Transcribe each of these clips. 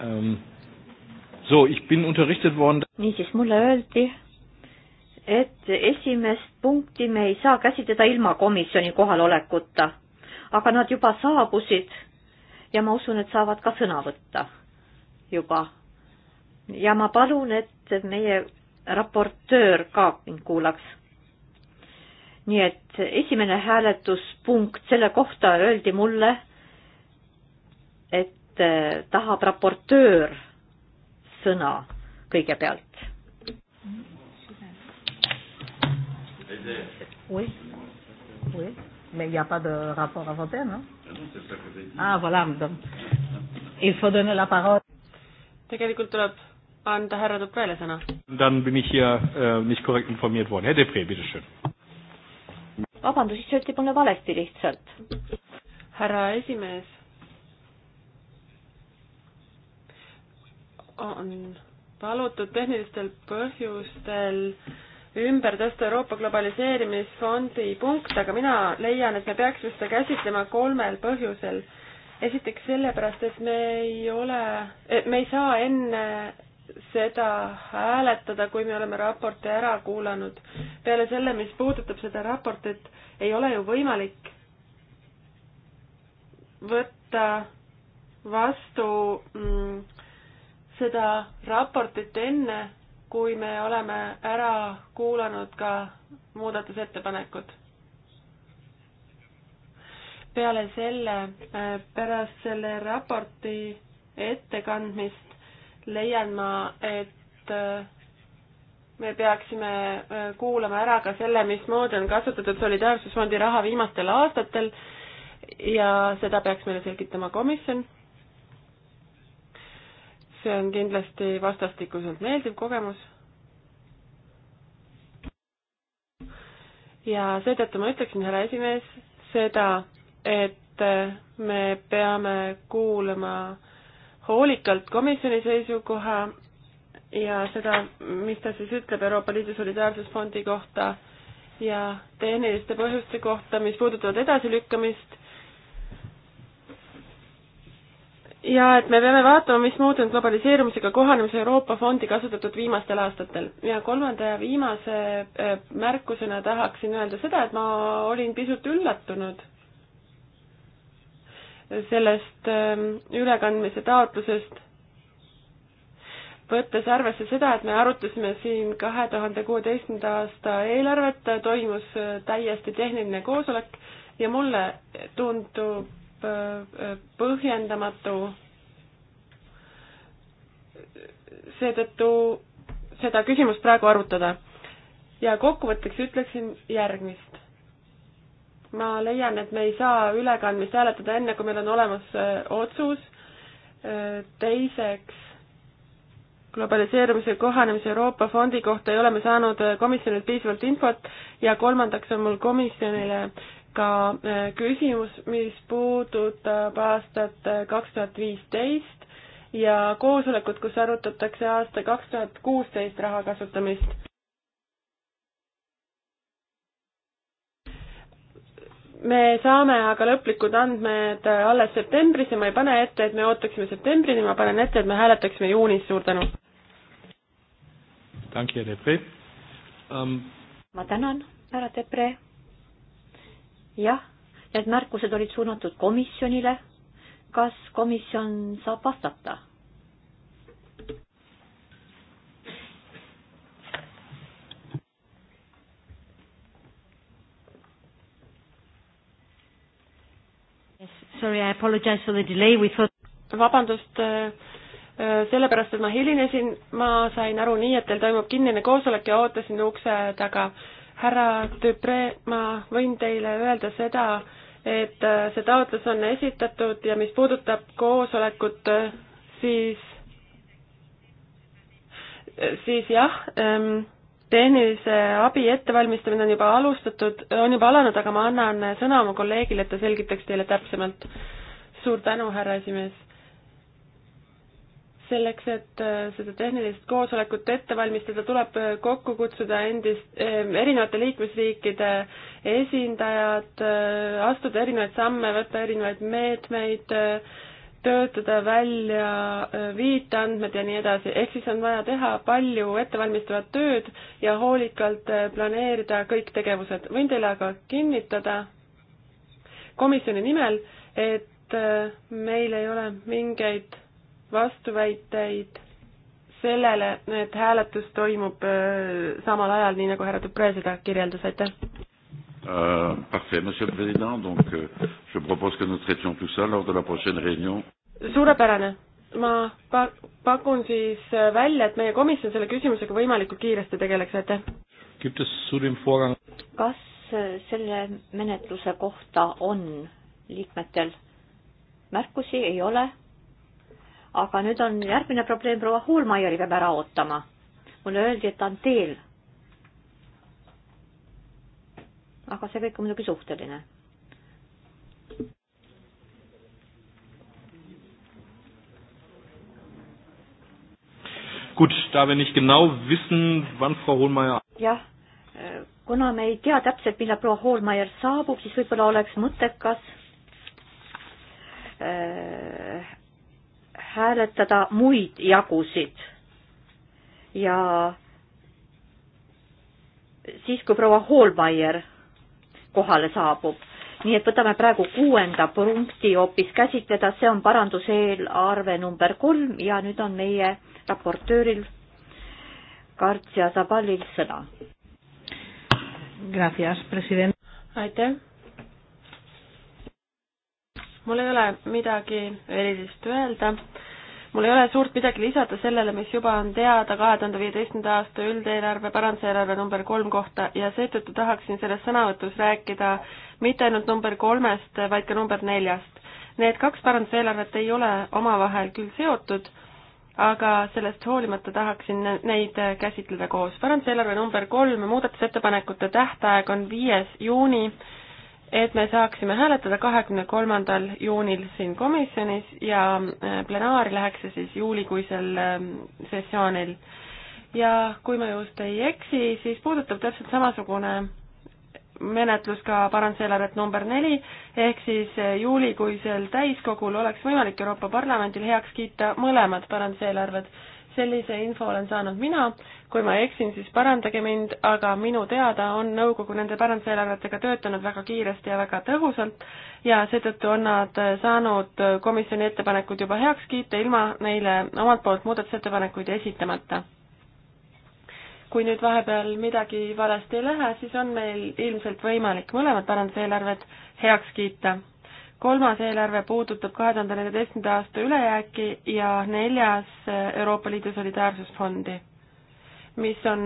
ähm, so, ich bin unterrichtet worden. niisiis, mulle öeldi, et esimest punkti me ei saa käsitleda ilma komisjoni kohalolekuta, aga nad juba saabusid ja ma usun, et saavad ka sõna võtta juba. ja ma palun, et meie raportöör ka mind kuulaks. nii et esimene hääletuspunkt selle kohta öeldi mulle, Eh, tahab raportöör sõna kõigepealt? Oui. Oui. Mais il n'y a pas de rapport à voter, non ah, ah, voilà. Donc, il faut donner la parole. Tegelikult tuleb anda härra Duprele sõna. Dann bin ich hier äh, nicht korrekt informiert worden. Herr Depre, bitte schön. Vabandust, siis öeldi mulle valesti lihtsalt. härra esimees, on palutud tehnilistel põhjustel ümber tõsta Euroopa Globaliseerimisfondi punkt, aga mina leian, et me peaksime seda käsitlema kolmel põhjusel. esiteks sellepärast, et me ei ole, et me ei saa enne seda hääletada, kui me oleme raporti ära kuulanud. peale selle, mis puudutab seda raportit, ei ole ju võimalik võtta vastu mm, seda raportit enne, kui me oleme ära kuulanud ka muudatusettepanekud. peale selle, äh, pärast selle raporti ettekandmist leian ma, et äh, me peaksime äh, kuulama ära ka selle, mismoodi on kasutatud Solidaarsusfondi raha viimastel aastatel ja seda peaks meile selgitama komisjon see on kindlasti vastastikuselt meeldiv kogemus. ja seetõttu ma ütleksin, härra esimees, seda, et me peame kuulama hoolikalt komisjoni seisukoha ja seda, mis ta siis ütleb Euroopa Liidu Solidaarsusfondi kohta ja tehniliste põhjuste kohta, mis puudutavad edasilükkamist ja et me peame vaatama, mismoodi on globaliseerumisega kohanemise Euroopa fondi kasutatud viimastel aastatel. ja kolmanda ja viimase äh, märkusena tahaksin öelda seda, et ma olin pisut üllatunud sellest ähm, ülekandmise taotlusest, võttes arvesse seda, et me arutasime siin kahe tuhande kuueteistkümnenda aasta eelarvet, toimus äh, täiesti tehniline koosolek ja mulle tundub, Äh, põhjendamatu. seetõttu seda küsimust praegu arutada. ja kokkuvõtteks ütleksin järgmist. ma leian, et me ei saa ülekandmist hääletada enne, kui meil on olemas äh, otsus. Äh, teiseks, globaliseerumise kohanemise Euroopa fondi kohta ei ole me saanud komisjonilt piisavalt infot ja kolmandaks on mul komisjonile äh, ka äh, küsimus, mis puudutab aastat äh, kaks tuhat viisteist ja koosolekut, kus arutatakse aasta kaks tuhat kuusteist raha kasutamist. me saame aga lõplikud andmed äh, alles septembris ja ma ei pane ette, et me ootaksime septembrini, ma panen ette, et me hääletaksime juunis, suur tänu. Um... ma tänan, härra Depre jah, need märkused olid suunatud komisjonile. kas komisjon saab vastata? Sorry, I apologize for the delay, we thought vabandust, äh, äh, sellepärast, et ma hilinesin, ma sain aru nii, et teil toimub kinnine koosolek ja ootasin ukse taga härra Dupre, ma võin teile öelda seda, et äh, see taotlus on esitatud ja mis puudutab koosolekut, äh, siis, äh, siis jah, ähm, tehnilise abi ettevalmistamine on juba alustatud, on juba alanud, aga ma annan sõna oma kolleegile, et ta selgitaks teile täpsemalt. suur tänu, härra esimees selleks, et äh, seda tehnilist koosolekut ette valmistada, tuleb äh, kokku kutsuda endist, äh, erinevate liikmesriikide esindajad, astuda erinevaid samme, võtta erinevaid meetmeid, töötada välja viiteandmed ja nii edasi, ehk siis on vaja teha palju ettevalmistavat tööd ja hoolikalt planeerida kõik tegevused. võin teile aga kinnitada komisjoni nimel, et meil ei ole mingeid vastuväiteid sellele, et hääletus toimub äh, samal ajal, nii nagu härra Dupre seda kirjeldas, aitäh. Euh, parfait, Monsieur le Président. Donc, euh, je propose que nous traitions tout ça lors de la prochaine réunion. Suurepärane. Ma pa pakun siis äh, välja, et meie komisjon selle küsimusega võimalikult kiiresti tegeleks, aitäh. Gibt es zu dem Vorgang? Kas äh, selle menetluse kohta on liikmetel märkusi? Ei ole aga nüüd on järgmine probleem, proua Hoolmeieri peab ära ootama. mulle öeldi, et ta on teel. aga see kõik on muidugi suhteline Gut, da wir nicht genau wissen, wann Frau Hohlmeier... jah, kuna me ei tea täpselt, millal proua Hohlmeier saabub, siis võib-olla oleks mõttekas äh, hääletada muid jagusid. ja siis, kui proua Hoolmeier kohale saabub, nii et võtame praegu kuuenda punkti hoopis käsitleda, see on paranduseelarve number kolm ja nüüd on meie raportööril Kartsia Zabalil sõna. Gracias, president. aitäh. mul ei ole midagi erilist öelda mul ei ole suurt midagi lisada sellele, mis juba on teada kahe tuhande viieteistkümnenda aasta üldeelarve, paranduseelarve number kolm kohta ja seetõttu tahaksin selles sõnavõtus rääkida mitte ainult number kolmest, vaid ka number neljast. Need kaks paranduseelarvet ei ole omavahel küll seotud, aga sellest hoolimata tahaksin neid käsitleda koos. paranduseelarve number kolm muudatusettepanekute tähtaeg on viies juuni et me saaksime hääletada kahekümne kolmandal juunil siin komisjonis ja äh, plenaari läheks see siis juulikuisel ähm, sessioonil. ja kui ma just ei eksi, siis puudutab täpselt samasugune menetlus ka paranduseelarvet number neli, ehk siis äh, juulikuisel täiskogul oleks võimalik Euroopa Parlamendil heaks kiita mõlemad paranduseelarved sellise info olen saanud mina, kui ma eksin, siis parandage mind, aga minu teada on nõukogu nende päranduseelarvetega töötanud väga kiiresti ja väga tõhusalt ja seetõttu on nad saanud komisjoni ettepanekud juba heaks kiita, ilma neile omalt poolt muudatusettepanekuid esitamata. kui nüüd vahepeal midagi valesti ei lähe, siis on meil ilmselt võimalik mõlemad päranduseelarved heaks kiita kolmas eelarve puudutab kahe tuhande neljateistkümnenda aasta ülejääki ja neljas eh, Euroopa Liidu solidaarsusfondi, mis on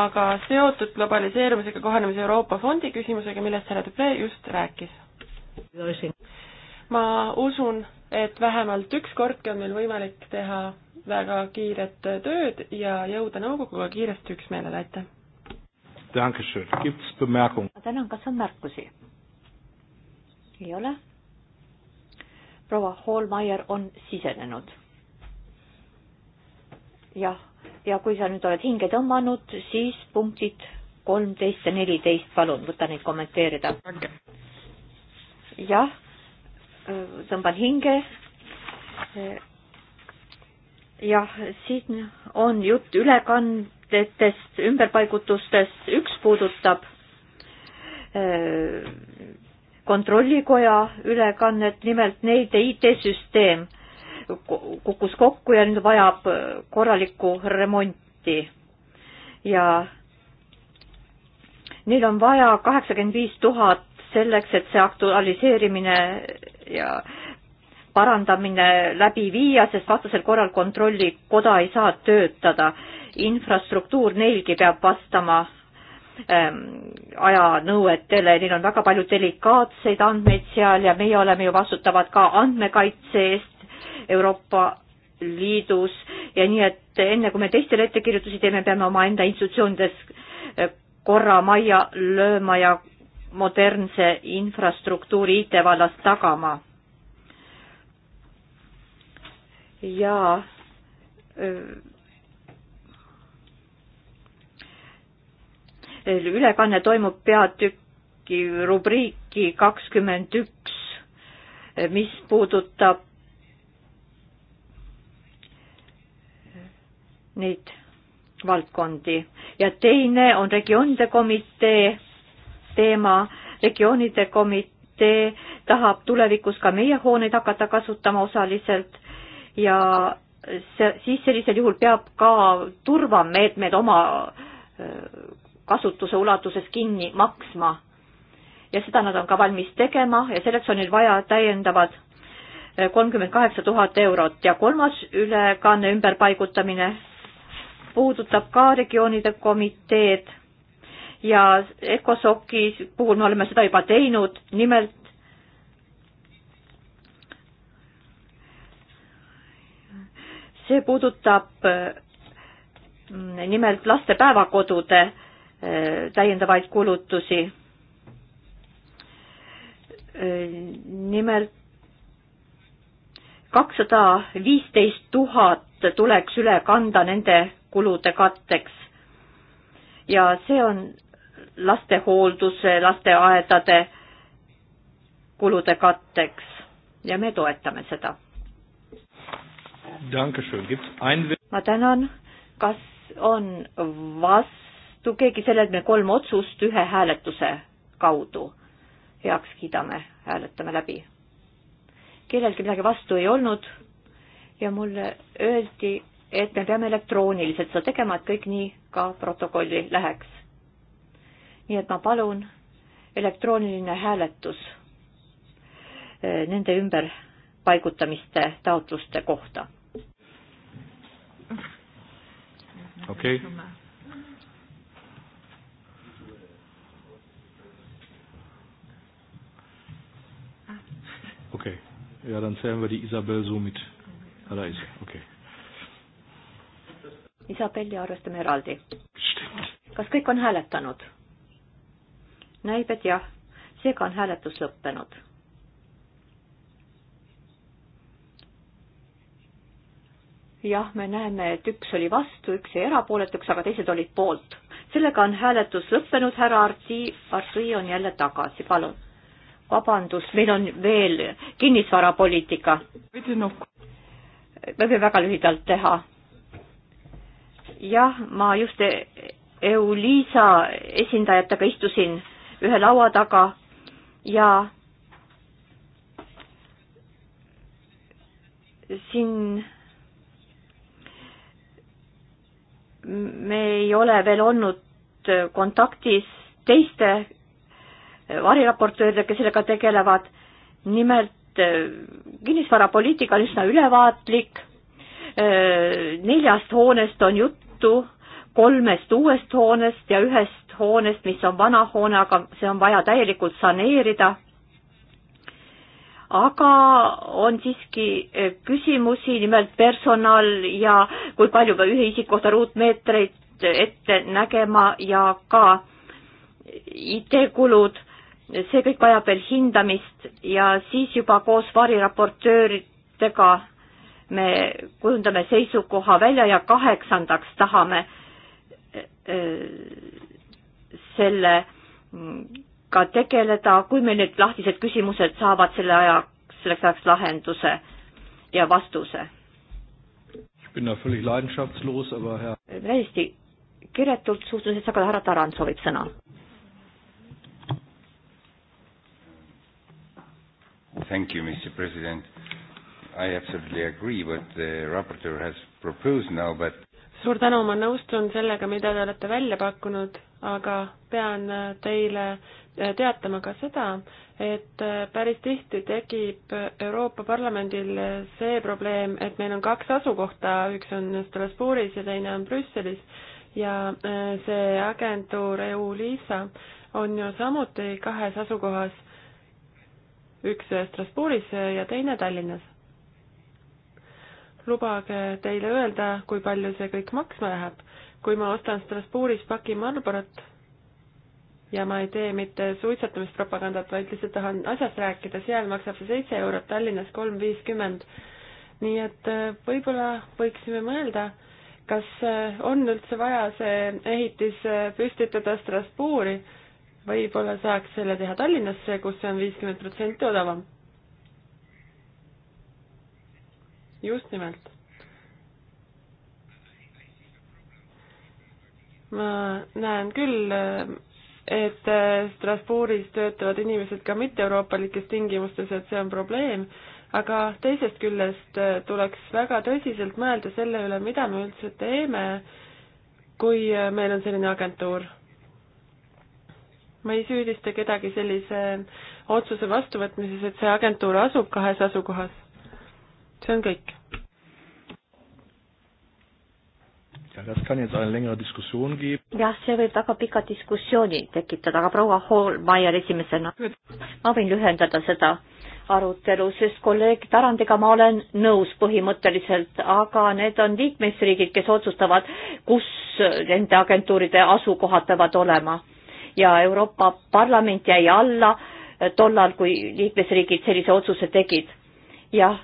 aga seotud globaliseerumisega kohanemise Euroopa fondi küsimusega, millest härra Dupree just rääkis. ma usun, et vähemalt ükskordki on meil võimalik teha väga kiiret tööd ja jõuda nõukoguga kiiresti üksmeelele, aitäh! tänan, kas on märkusi? ei ole? proua Hallmeier on sisenenud. jah, ja kui sa nüüd oled hinge tõmmanud, siis punktid kolmteist ja neliteist, palun võta neid kommenteerida. jah, tõmban hinge. jah, siin on jutt ülekandetest, ümberpaigutustest, üks puudutab kontrollikoja ülekannet, nimelt neid IT-süsteem kukkus kokku ja nüüd vajab äh, korralikku remonti. ja neil on vaja kaheksakümmend viis tuhat selleks, et see aktualiseerimine ja parandamine läbi viia, sest vastasel korral kontrollikoda ei saa töötada. infrastruktuur neilgi peab vastama Ähm, ajanõuetele, neil on väga palju delikaatseid andmeid seal ja meie oleme ju vastutavad ka andmekaitse eest Euroopa Liidus ja nii, et enne kui me teistele ettekirjutusi teeme, peame omaenda institutsioonides äh, korra majja lööma ja modernse infrastruktuuri IT vallas tagama. ja öö, äh, ülekanne toimub peatüki rubriiki kakskümmend üks, mis puudutab neid valdkondi ja teine on regioonide komitee teema. regioonide komitee tahab tulevikus ka meie hooneid hakata kasutama osaliselt ja see, siis sellisel juhul peab ka turvameetmed oma kasutuse ulatuses kinni maksma. ja seda nad on ka valmis tegema ja selleks on neil vaja täiendavad eh, kolmkümmend kaheksa tuhat eurot ja kolmas ülekanne ümberpaigutamine puudutab ka regioonide komiteed ja ECOSOC-i puhul me oleme seda juba teinud, nimelt see puudutab eh, nimelt laste päevakodude täiendavaid kulutusi. nimelt kakssada viisteist tuhat tuleks üle kanda nende kulude katteks. ja see on lastehoolduse, lasteaedade kulude katteks ja me toetame seda. ma tänan, kas on vastu? vastu keegi sellele, et me kolm otsust ühe hääletuse kaudu heaks kiidame, hääletame läbi. kellelgi midagi vastu ei olnud ja mulle öeldi, et me peame elektrooniliselt seda tegema, et kõik nii ka protokolli läheks. nii et ma palun, elektrooniline hääletus eh, nende ümberpaigutamiste taotluste kohta. okei okay Okay. Ja, dann zählen wir die Isabel so mit. Oder ah, ist okay. Isabelli arvestame eraldi. kas kõik on hääletanud? näib, et jah. seega on hääletus lõppenud. jah, me näeme, et üks oli vastu, üks jäi erapooletuks, aga teised olid poolt. sellega on hääletus lõppenud, härra Arti, Arti on jälle tagasi, palun vabandust, meil on veel kinnisvarapoliitika. me võime väga lühidalt teha. jah, ma just EULISA esindajatega istusin ühe laua taga ja siin me ei ole veel olnud kontaktis teiste variraportööridega, kes sellega tegelevad. nimelt äh, kinnisvarapoliitika on üsna ülevaatlik, äh, neljast hoonest on juttu, kolmest uuest hoonest ja ühest hoonest, mis on vana hoone, aga see on vaja täielikult saneerida aga on siiski äh, küsimusi, nimelt personal ja kui palju peab ühe isiku kohta ruutmeetreid ette nägema ja ka IT-kulud see kõik vajab veel hindamist ja siis juba koos variraportööridega me kujundame seisukoha välja ja kaheksandaks tahame äh, selle ka tegeleda, kui meil need lahtised küsimused saavad selle aja, selleks ajaks lahenduse ja vastuse. täiesti kiretult suhtlusesse, aga härra Tarand soovib sõna Thank you, Mr. President. I absolutely agree what the raporteur has proposed now, but suur tänu, ma nõustun sellega, mida te olete välja pakkunud, aga pean teile teatama ka seda, et päris tihti tekib Euroopa Parlamendil see probleem, et meil on kaks asukohta, üks on Strasbourgis ja teine on Brüsselis ja see agentuur EU-LISA on ju samuti kahes asukohas üks Strasbourgis ja teine Tallinnas. lubage teile öelda, kui palju see kõik maksma läheb. kui ma ostan Strasbourgis paki Marlborot ja ma ei tee mitte suitsetamispropagandat, vaid lihtsalt tahan asjast rääkida, seal maksab see seitse eurot, Tallinnas kolm viiskümmend. nii et äh, võib-olla võiksime mõelda, kas äh, on üldse vaja see ehitis äh, püstitada Strasbourgi võib-olla saaks selle teha Tallinnasse, kus see on viiskümmend protsenti odavam. just nimelt. ma näen küll, et Strasbourgis töötavad inimesed ka mitte-euroopalikes tingimustes, et see on probleem, aga teisest küljest tuleks väga tõsiselt mõelda selle üle, mida me üldse teeme, kui meil on selline agentuur ma ei süüdista kedagi sellise otsuse vastuvõtmises, et see agentuur asub kahes asukohas. see on kõik. jah, see võib väga pika diskussiooni tekitada, aga proua Hallmeier esimesena. ma võin lühendada seda arutelu, sest kolleeg Tarandiga ma olen nõus põhimõtteliselt, aga need on liikmesriigid, kes otsustavad, kus nende agentuuride asukohad peavad olema ja Euroopa Parlament jäi alla eh, tollal, kui liikmesriigid sellise otsuse tegid. jah,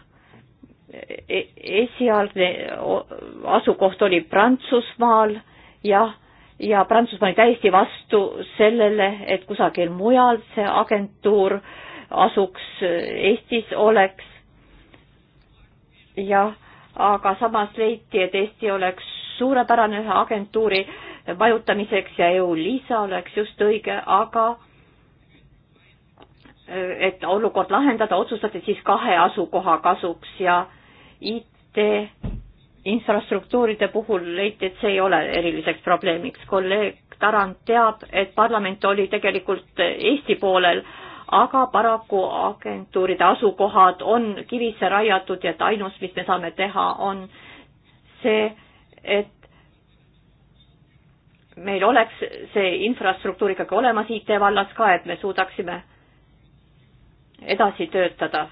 e-, esialgne asukoht oli Prantsusmaal, jah, ja Prantsusmaa oli täiesti vastu sellele, et kusagil mujal see agentuur asuks, eh, Eestis oleks. jah, aga samas leiti, et Eesti oleks suurepärane ühe agentuuri äh, vajutamiseks ja jõulisa oleks just õige, aga äh, et olukord lahendada, otsustati siis kahe asukoha kasuks ja IT infrastruktuuride puhul leiti, et see ei ole eriliseks probleemiks. kolleeg Tarand teab, et parlament oli tegelikult Eesti poolel, aga paraku agentuuride asukohad on kivisse raiatud ja et ainus, mis me saame teha, on see, et meil oleks see infrastruktuur ikkagi olemas IT vallas ka, et me suudaksime edasi töötada.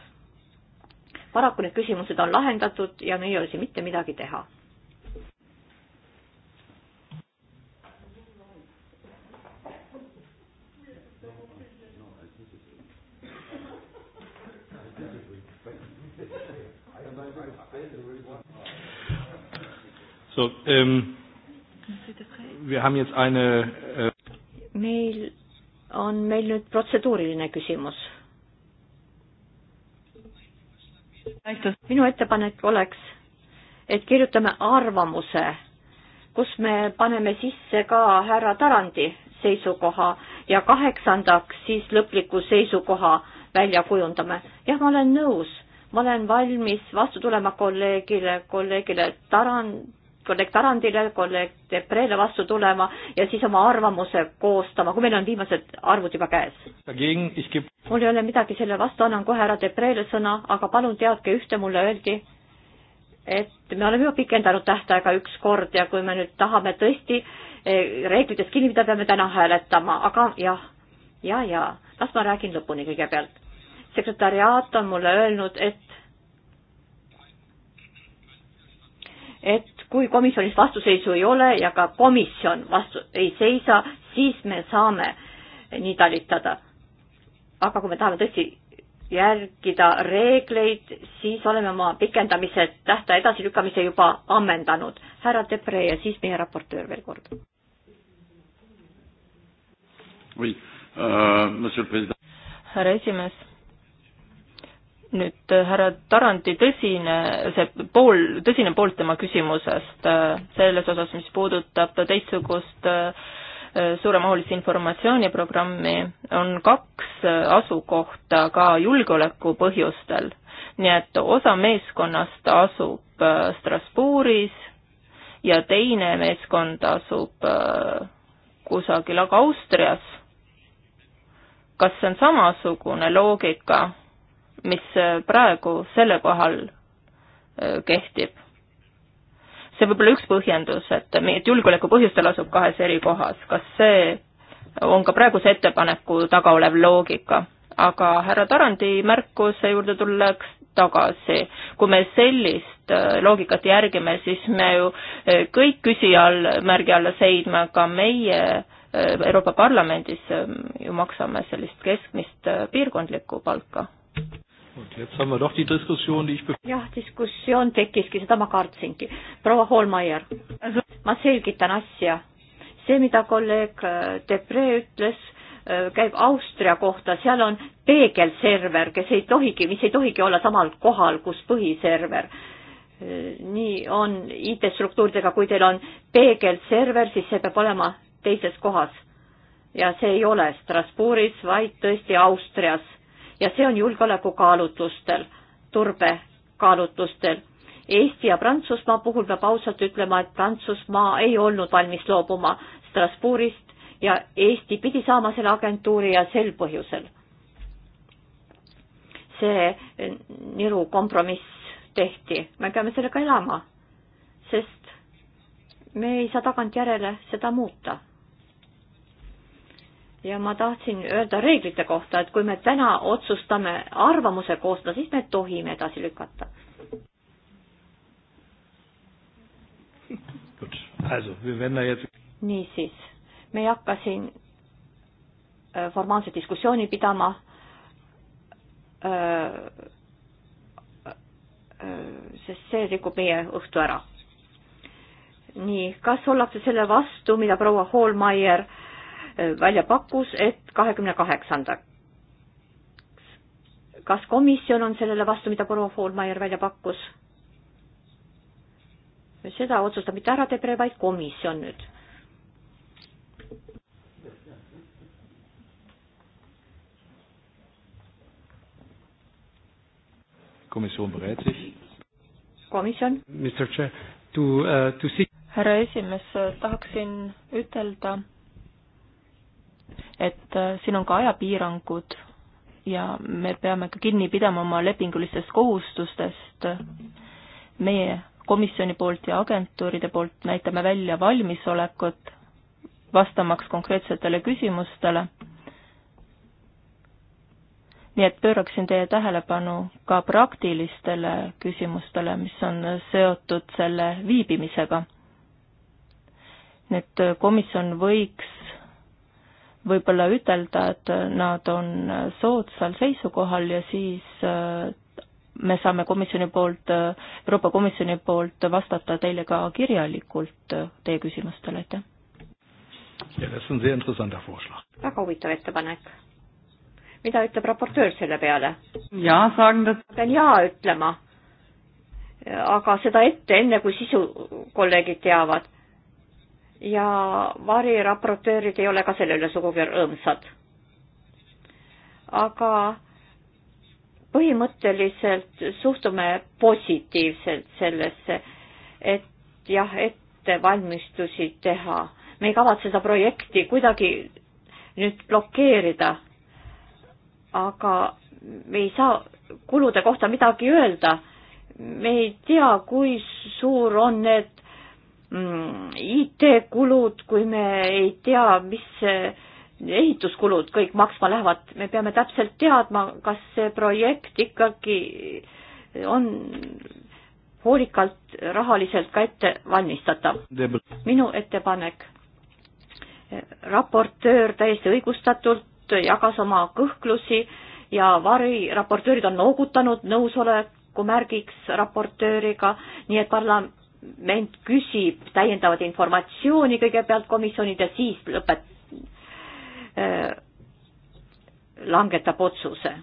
paraku need küsimused on lahendatud ja me ei ole siin mitte midagi teha. So, ähm, wir haben jetzt eine äh... meil on meil nüüd protseduuriline küsimus. minu ettepanek oleks, et kirjutame arvamuse, kus me paneme sisse ka härra Tarandi seisukoha ja kaheksandaks siis lõpliku seisukoha välja kujundame. jah, ma olen nõus, ma olen valmis vastu tulema kolleegile, kolleegile Tarand kolleeg Tarandile, kolleeg Debrele vastu tulema ja siis oma arvamuse koostama, kui meil on viimased arvud juba käes. mul ei ole midagi selle vastu, annan kohe ära Debrele sõna, aga palun teadke ühte, mulle öeldi, et me oleme juba pikendanud tähtaega üks kord ja kui me nüüd tahame tõesti e, reeglitest kinni pidada, peame täna hääletama, aga jah, ja, ja, ja las ma räägin lõpuni kõigepealt. sekretäriaat on mulle öelnud, et et kui komisjonis vastuseisu ei ole ja ka komisjon vastu ei seisa, siis me saame nii talitada. aga kui me tahame tõesti järgida reegleid, siis oleme oma pikendamise tähtaja edasilükkamise juba ammendanud. härra Depre ja siis meie raportöör veel kord. Euh, härra esimees nüüd äh, härra Tarandi tõsine, see pool, tõsine pool tema küsimusest äh, selles osas, mis puudutab teistsugust äh, suuremahulist informatsiooniprogrammi, on kaks asukohta ka julgeoleku põhjustel. nii et osa meeskonnast asub Strasbourgis ja teine meeskond asub kusagil aga Austrias. kas see on samasugune loogika? mis äh, praegu selle kohal äh, kehtib. see võib olla üks põhjendus, et, et julgeoleku põhjustel asub kahes eri kohas, kas see on ka praeguse ettepaneku taga olev loogika, aga härra Tarandi märkuse juurde tuleks tagasi, kui me sellist äh, loogikat järgime, siis me ju kõik küsija all, märgi alla seidme, aga meie Euroopa Parlamendis ju maksame sellist keskmist piirkondlikku palka jah, diskussioon tekkiski, seda ma kartsingi. proua Holmaier, ma selgitan asja. see, mida kolleeg äh, Debre ütles, äh, käib Austria kohta, seal on peegelserver, kes ei tohigi, mis ei tohigi olla samal kohal, kus põhiserver äh, nii on IT-struktuuridega, kui teil on peegelserver, siis see peab olema teises kohas. ja see ei ole Strasbourgis, vaid tõesti Austrias ja see on julgeolekukaalutlustel, turbekaalutlustel. Eesti ja Prantsusmaa puhul peab ausalt ütlema, et Prantsusmaa ei olnud valmis loobuma Strasbourgist ja Eesti pidi saama selle agentuuri ja sel põhjusel see niru kompromiss tehti, me peame sellega elama, sest me ei saa tagantjärele seda muuta ja ma tahtsin öelda reeglite kohta, et kui me täna otsustame arvamuse koostada, siis me tohime edasi lükata. niisiis, me ei hakka siin äh, formaalse diskussiooni pidama. Äh, äh, sest see rikub meie õhtu ära. nii, kas ollakse selle vastu, mida proua Hallmeier äh, välja pakkus, et kahekümne kaheksandaks. kas komisjon on sellele vastu, mida proua Foolmeier välja pakkus? seda otsustab mitte härra Debre, vaid komisjon nüüd Kommission bereit sich? Komisjon? Mr. Chair, to, uh, to see... härra esimees, tahaksin ütelda, et äh, siin on ka ajapiirangud ja me peame ka kinni pidama oma lepingulistest kohustustest. meie komisjoni poolt ja agentuuride poolt näitame välja valmisolekut vastamaks konkreetsetele küsimustele. nii et pööraksin teie tähelepanu ka praktilistele küsimustele, mis on seotud selle viibimisega. nii et äh, komisjon võiks võib-olla ütelda, et nad on soodsal seisukohal ja siis äh, me saame komisjoni poolt, Euroopa Komisjoni poolt vastata teile ka kirjalikult äh, teie küsimustele, aitäh. väga huvitav ettepanek. mida ütleb raportöör selle peale? jaa, pean jaa ütlema. aga seda ette, enne kui sisu kolleegid teavad ja variraportöörid ei ole ka selle üle sugugi rõõmsad. aga põhimõtteliselt suhtume positiivselt sellesse, et jah, ettevalmistusi teha. me ei kavatse seda projekti kuidagi nüüd blokeerida, aga me ei saa kulude kohta midagi öelda. me ei tea, kui suur on need Mm, IT-kulud, kui me ei tea, mis ehituskulud kõik maksma lähevad, me peame täpselt teadma, kas see projekt ikkagi on hoolikalt rahaliselt ka ette valmistatav. minu ettepanek, raportöör täiesti õigustatult jagas oma kõhklusi ja variraportöörid on noogutanud nõusoleku märgiks raportööriga, nii et parla-, parlament küsib täiendavat informatsiooni kõigepealt komisjonid ja siis lõpet- äh,, langetab otsuse.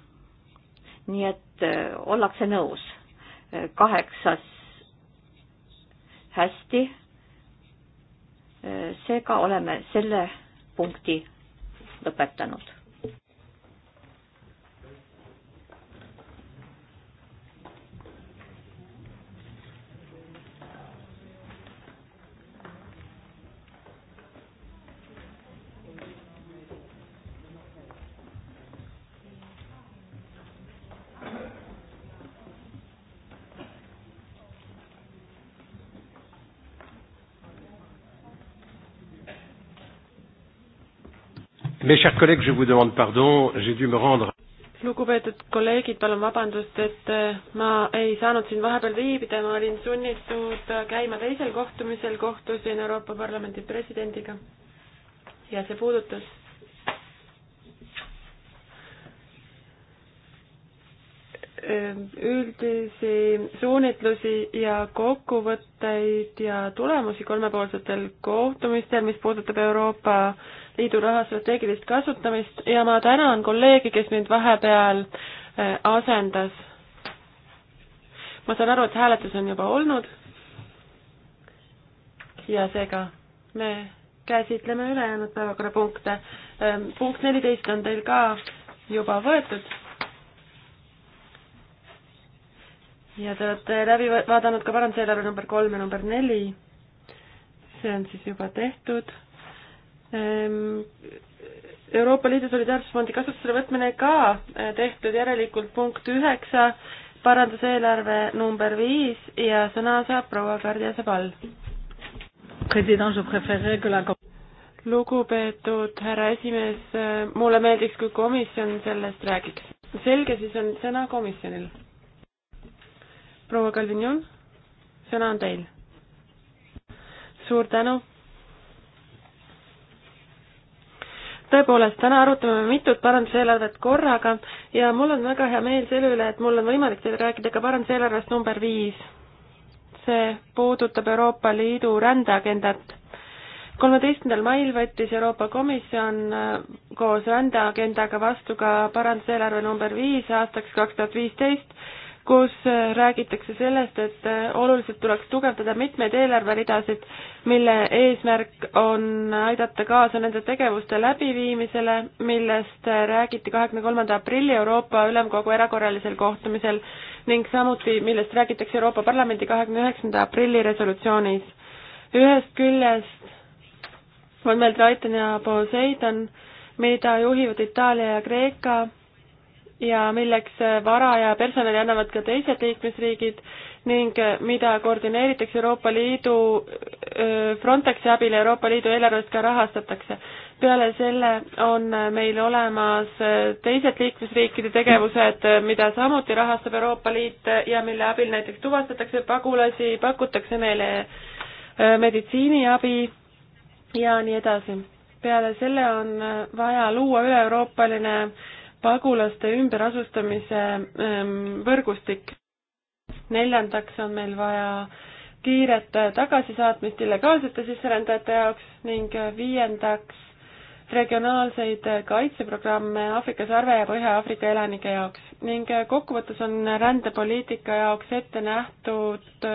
nii et äh, ollakse nõus. Äh, kaheksas, hästi. Äh, seega oleme selle punkti lõpetanud. Mes chers collègues, je vous demande pardon, j'ai dû me rendre. lugupeetud kolleegid, palun vabandust, et äh, ma ei saanud siin vahepeal viibida, ma olin sunnitud käima teisel kohtumisel, kohtusin Euroopa Parlamendi presidendiga ja see puudutas äh, üldisi suunitlusi ja kokkuvõtteid ja tulemusi kolmepoolsetel kohtumistel, mis puudutab Euroopa äh, Liidu raha strateegilist kasutamist ja ma tänan kolleegi, kes mind vahepeal äh, asendas. ma saan aru, et hääletus on juba olnud ja seega me käsitleme ülejäänud päevakorrapunkte. Ähm, punkt neliteist on teil ka juba võetud. ja te olete läbi vaadanud ka paranduseelarve number kolm ja number neli. see on siis juba tehtud Ehm, Euroopa Liidu Solidaarsusfondi kasutusele võtmine ka eh, tehtud järelikult punkt üheksa, paranduseelarve number viis ja sõna saab proua Kardia Sabal. lugupeetud härra esimees, eh, mulle meeldiks, kui komisjon sellest räägiks. selge, siis on sõna komisjonil. proua Kalvin Jung, sõna on teil. suur tänu tõepoolest, täna arutame mitut paranduseelarvet korraga ja mul on väga hea meel selle üle, et mul on võimalik teile rääkida ka paranduseelarvest number viis. see puudutab Euroopa Liidu rändeagendat. kolmeteistkümnendal mail võttis Euroopa Komisjon äh, koos rändeagendaga vastu ka paranduseelarve number viis aastaks kaks tuhat viisteist kus äh, räägitakse sellest, et äh, oluliselt tuleks tugevdada mitmeid eelarveridasid, mille eesmärk on aidata kaasa nende tegevuste läbiviimisele, millest äh, räägiti kahekümne kolmanda aprilli Euroopa Ülemkogu erakorralisel kohtumisel ning samuti, millest räägitakse Euroopa Parlamendi kahekümne üheksanda aprilli resolutsioonis. ühest küljest on meil Triton ja Poseidon, mida juhivad Itaalia ja Kreeka ja milleks vara ja personali annavad ka teised liikmesriigid ning mida koordineeritakse Euroopa Liidu Frontexi abil ja Euroopa Liidu eelarvest ka rahastatakse. peale selle on meil olemas teised liikmesriikide tegevused, mida samuti rahastab Euroopa Liit ja mille abil näiteks tuvastatakse pagulasi, pakutakse neile äh, meditsiiniabi ja nii edasi. peale selle on vaja luua üle-euroopaline äh, pagulaste ümberasustamise ähm, võrgustik. neljandaks on meil vaja kiiret tagasisaatmist illegaalsete sisserändajate jaoks ning viiendaks regionaalseid kaitseprogramme Aafrika sarve ja Põhja-Aafrika elanike jaoks ning kokkuvõttes on rändepoliitika jaoks ette nähtud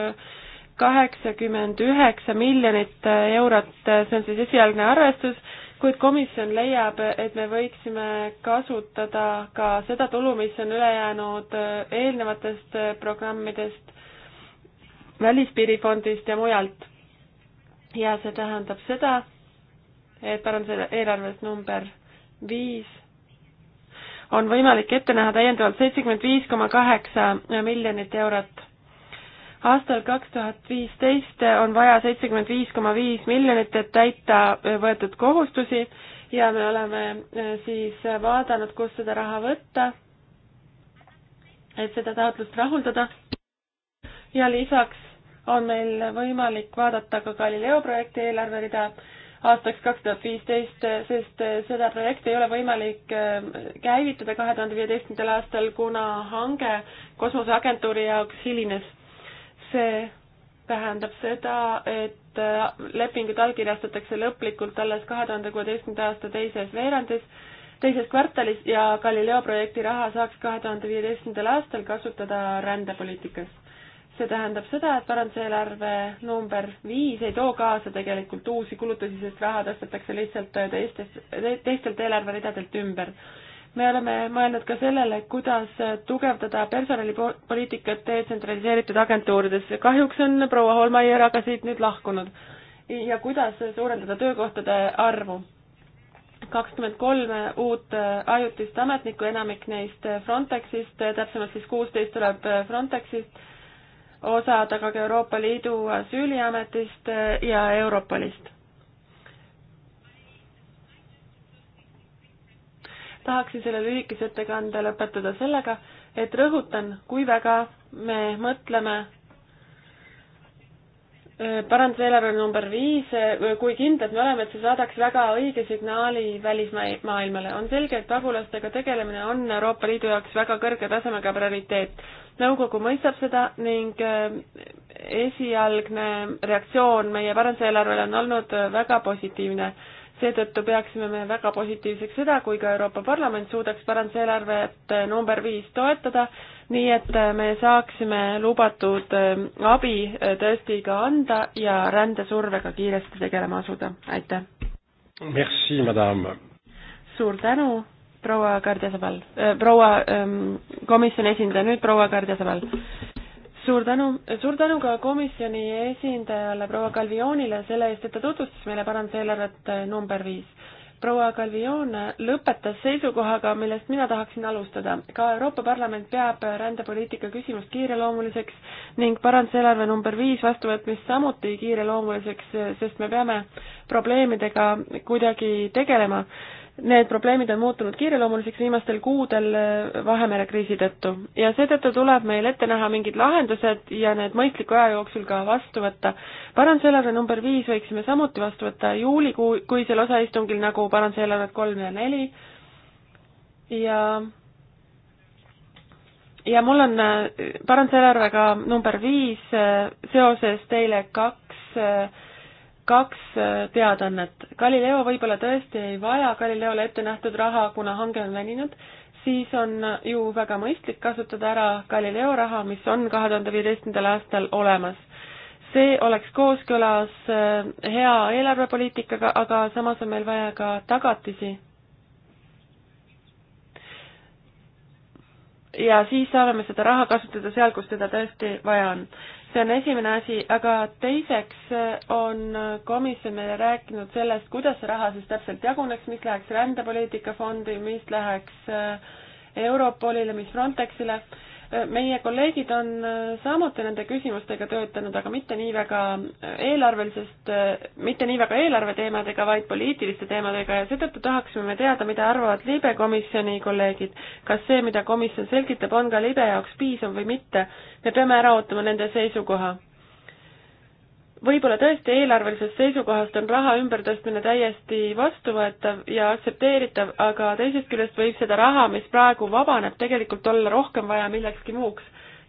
kaheksakümmend üheksa miljonit eurot, see on siis esialgne arvestus kuid komisjon leiab, et me võiksime kasutada ka seda tulu, mis on üle jäänud äh, eelnevatest äh, programmidest, välispiirifondist ja mujalt. ja see tähendab seda, et paranduse eelarves number viis on võimalik ette näha täiendavalt seitsekümmend viis koma kaheksa miljonit eurot aastal kaks tuhat viisteist on vaja seitsekümmend viis koma viis miljonit, et täita äh, võetud kohustusi ja me oleme äh, siis vaadanud, kust seda raha võtta, et seda taotlust rahuldada. ja lisaks on meil võimalik vaadata ka Galileo projekti eelarverida aastaks kaks tuhat viisteist, äh, sest seda projekti ei ole võimalik käivitada kahe tuhande viieteistkümnendal aastal, kuna hange kosmoseagentuuri jaoks hilines see tähendab seda, et äh, lepingud allkirjastatakse lõplikult alles kahe tuhande kuueteistkümnenda aasta teises veerandis, teises kvartalis ja Galileo projekti raha saaks kahe tuhande viieteistkümnendal aastal kasutada rändepoliitikas. see tähendab seda, et paranduseelarve number viis ei too kaasa tegelikult uusi kulutusi, sest raha tõstetakse lihtsalt teistest, teistelt eelarveridadelt ümber me oleme mõelnud ka sellele, kuidas tugevdada personalipoliitikat detsentraliseeritud agentuurides. kahjuks on proua Holmaier aga siit nüüd lahkunud. ja kuidas suurendada töökohtade arvu? kakskümmend kolm uut ajutist ametnikku, enamik neist Frontexist, täpsemalt siis kuusteist tuleb Frontexist, osad aga ka Euroopa Liidu asüüliametist ja Europolist tahaksin selle lühikese ettekande lõpetada sellega, et rõhutan, kui väga me mõtleme äh, paranduseelarve number viis, äh, kui kindlad me oleme, et see saadaks väga õige signaali välismaailmale. on selge, et pagulastega tegelemine on Euroopa Liidu jaoks väga kõrge tasemega prioriteet. nõukogu mõistab seda ning äh, esialgne reaktsioon meie paranduseelarvele on olnud väga positiivne seetõttu peaksime me väga positiivseks seda, kui ka Euroopa Parlament suudaks paranduseelarvet eh, number viis toetada, nii et eh, me saaksime lubatud eh, abi tõesti ka anda ja rändesurvega kiiresti tegelema asuda, aitäh! Merci, madame! suur tänu, proua Kardjasabal äh,, proua ähm, komisjoni esindaja, nüüd proua Kardjasabal äh, suur tänu, suur tänu ka komisjoni esindajale proua Kalvioonile selle eest, et ta tutvustas meile paranduseelarvet eh, number viis. proua Kalvioon lõpetas seisukohaga, millest mina tahaksin alustada. ka Euroopa Parlament peab rändepoliitika küsimust kiireloomuliseks ning paranduseelarve number viis vastuvõtmist samuti kiireloomuliseks, eh, sest me peame probleemidega kuidagi tegelema Need probleemid on muutunud kiireloomuliseks viimastel kuudel Vahemere kriisi tõttu ja seetõttu tuleb meil ette näha mingid lahendused ja need mõistliku aja jooksul ka vastu võtta. parandusjärelevalve number viis võiksime samuti vastu võtta juulikuu, kuisel osaistungil nagu parandusjärelevalved kolm ja neli ja ja mul on äh, parandusjärelevalvega number viis äh, seoses teile kaks äh, kaks äh, teadaannet. Galileo võib-olla tõesti ei vaja Galileole ette nähtud raha, kuna hange on veninud, siis on ju väga mõistlik kasutada ära Galileo raha, mis on kahe tuhande viieteistkümnendal aastal olemas. see oleks kooskõlas äh, hea eelarvepoliitikaga, aga samas on meil vaja ka tagatisi ja siis saame me seda raha kasutada seal, kus seda tõesti vaja on see on esimene asi, aga teiseks äh, on äh, komisjon meile rääkinud sellest, kuidas see raha siis täpselt jaguneks, mis läheks rändepoliitika fondi, mis läheks äh, Europolile, mis Frontexile meie kolleegid on äh, samuti nende küsimustega töötanud, aga mitte nii väga äh, eelarvelisest, äh, mitte nii väga eelarveteemadega, vaid poliitiliste teemadega ja seetõttu tahaksime me teada, mida arvavad libe komisjoni kolleegid. kas see, mida komisjon selgitab, on ka libe jaoks piisav või mitte? me peame ära ootama nende seisukoha võib-olla tõesti eelarvelisest seisukohast on raha ümbertõstmine täiesti vastuvõetav ja aktsepteeritav, aga teisest küljest võib seda raha, mis praegu vabaneb, tegelikult olla rohkem vaja millekski muuks.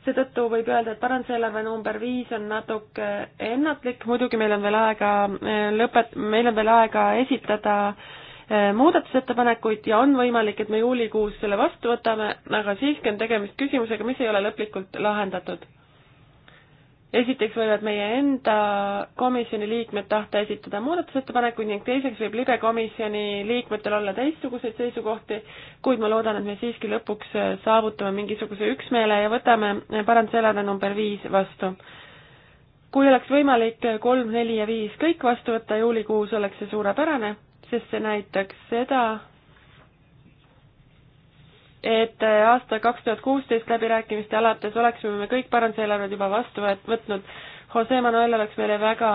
seetõttu võib öelda, et paranduseelarve number viis on natuke ennatlik, muidugi meil on veel aega äh, lõpet-, meil on veel aega esitada äh, muudatusettepanekuid ja on võimalik, et me juulikuus selle vastu võtame, aga siiski on tegemist küsimusega, mis ei ole lõplikult lahendatud esiteks võivad meie enda komisjoni liikmed tahta esitada muudatusettepanekuid ning teiseks võib libe komisjoni liikmetel olla teistsuguseid seisukohti, kuid ma loodan, et me siiski lõpuks äh, saavutame mingisuguse üksmeele ja võtame äh, parandusjärele number viis vastu. kui oleks võimalik kolm, neli ja viis kõik vastu võtta juulikuus, oleks see suurepärane, sest see näitaks seda, et äh, aasta kaks tuhat kuusteist läbirääkimiste alates oleksime me kõik paranduseelarved juba vastu võtnud. Jose Manuel oleks meile väga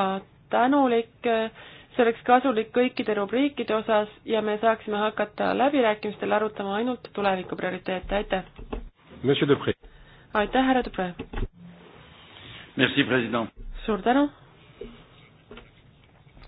tänulik, see oleks kasulik kõikide rubriikide osas ja me saaksime hakata läbirääkimistel arutama ainult tuleviku prioriteete, aitäh! aitäh, härra Dupre! suur tänu!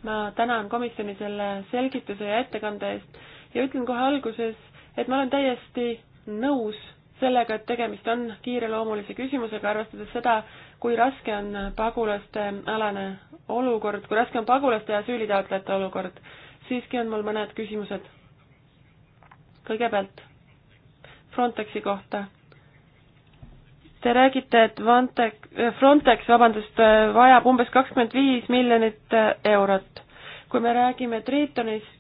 ma tänan komisjoni selle selgituse ja ettekande eest ja ütlen kohe alguses, et ma olen täiesti nõus sellega, et tegemist on kiireloomulise küsimusega, arvestades seda, kui raske on pagulaste alane olukord, kui raske on pagulaste ja asüülitaotlejate olukord. siiski on mul mõned küsimused. kõigepealt Frontexi kohta. Te räägite, et Frontex, Frontex, vabandust, vajab umbes kakskümmend viis miljonit eurot. kui me räägime Tritonist,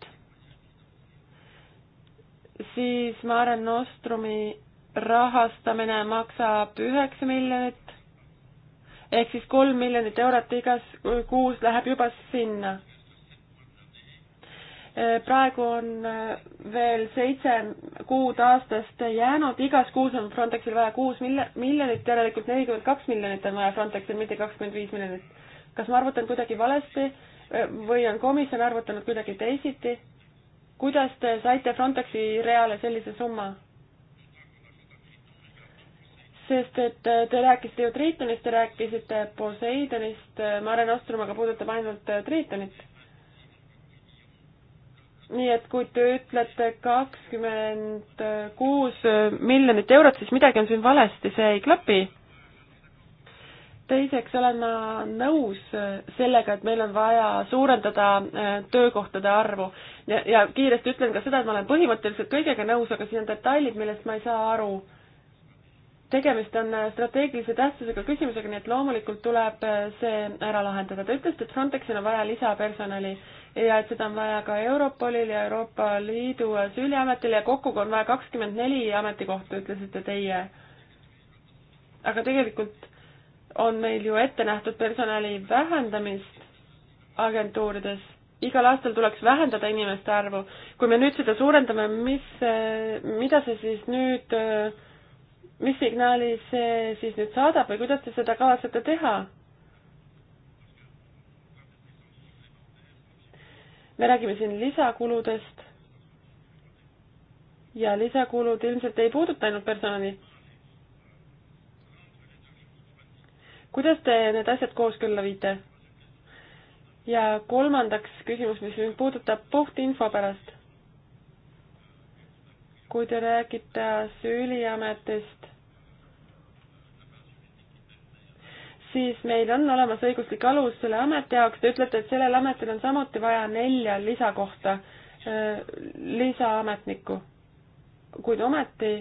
siis Mare Nostrumi rahastamine maksab üheksa miljonit ehk siis kolm miljonit eurot igas kuus läheb juba sinna. praegu on eh, veel seitse kuud aastast jäänud, igas kuus on Frontexil vaja kuus miljonit, järelikult nelikümmend kaks miljonit on vaja Frontexil, mitte kakskümmend viis miljonit. kas ma arvutan kuidagi valesti eh, või on komisjon arvutanud kuidagi teisiti? kuidas te saite Frontexi reale sellise summa? sest et te rääkisite ju Triitonist, te rääkisite Poseidonist, Mare Nostrum aga puudutab ainult Triitonit. nii et kui te ütlete kakskümmend kuus miljonit eurot, siis midagi on siin valesti, see ei klapi teiseks olen ma nõus äh, sellega, et meil on vaja suurendada äh, töökohtade arvu ja, ja kiiresti ütlen ka seda, et ma olen põhimõtteliselt kõigega nõus, aga siin on detailid, millest ma ei saa aru. tegemist on äh, strateegilise tähtsusega küsimusega, nii et loomulikult tuleb see ära lahendada. Te ütlesite, et Frontexil on vaja lisapersonali ja et seda on vaja ka Europolil ja Euroopa Liidu asüüliametil ja kokkuga on vaja kakskümmend neli ametikohta, ütlesite teie. aga tegelikult on meil ju ette nähtud personali vähendamist agentuurides. igal aastal tuleks vähendada inimeste arvu. kui me nüüd seda suurendame, mis, eh, mida see siis nüüd, eh, mis signaali see siis nüüd saadab või kuidas te seda kavatsete teha? me räägime siin lisakuludest ja lisakulud ilmselt ei puuduta ainult personali kuidas te need asjad kooskõlla viite? ja kolmandaks küsimus, mis mind puudutab puhtinfo pärast. kui te räägite asüüliametist, siis meil on olemas õiguslik alus selle ameti jaoks, te ütlete, et sellel ametil on samuti vaja nelja lisakohta, äh, lisaametnikku. kuid ometi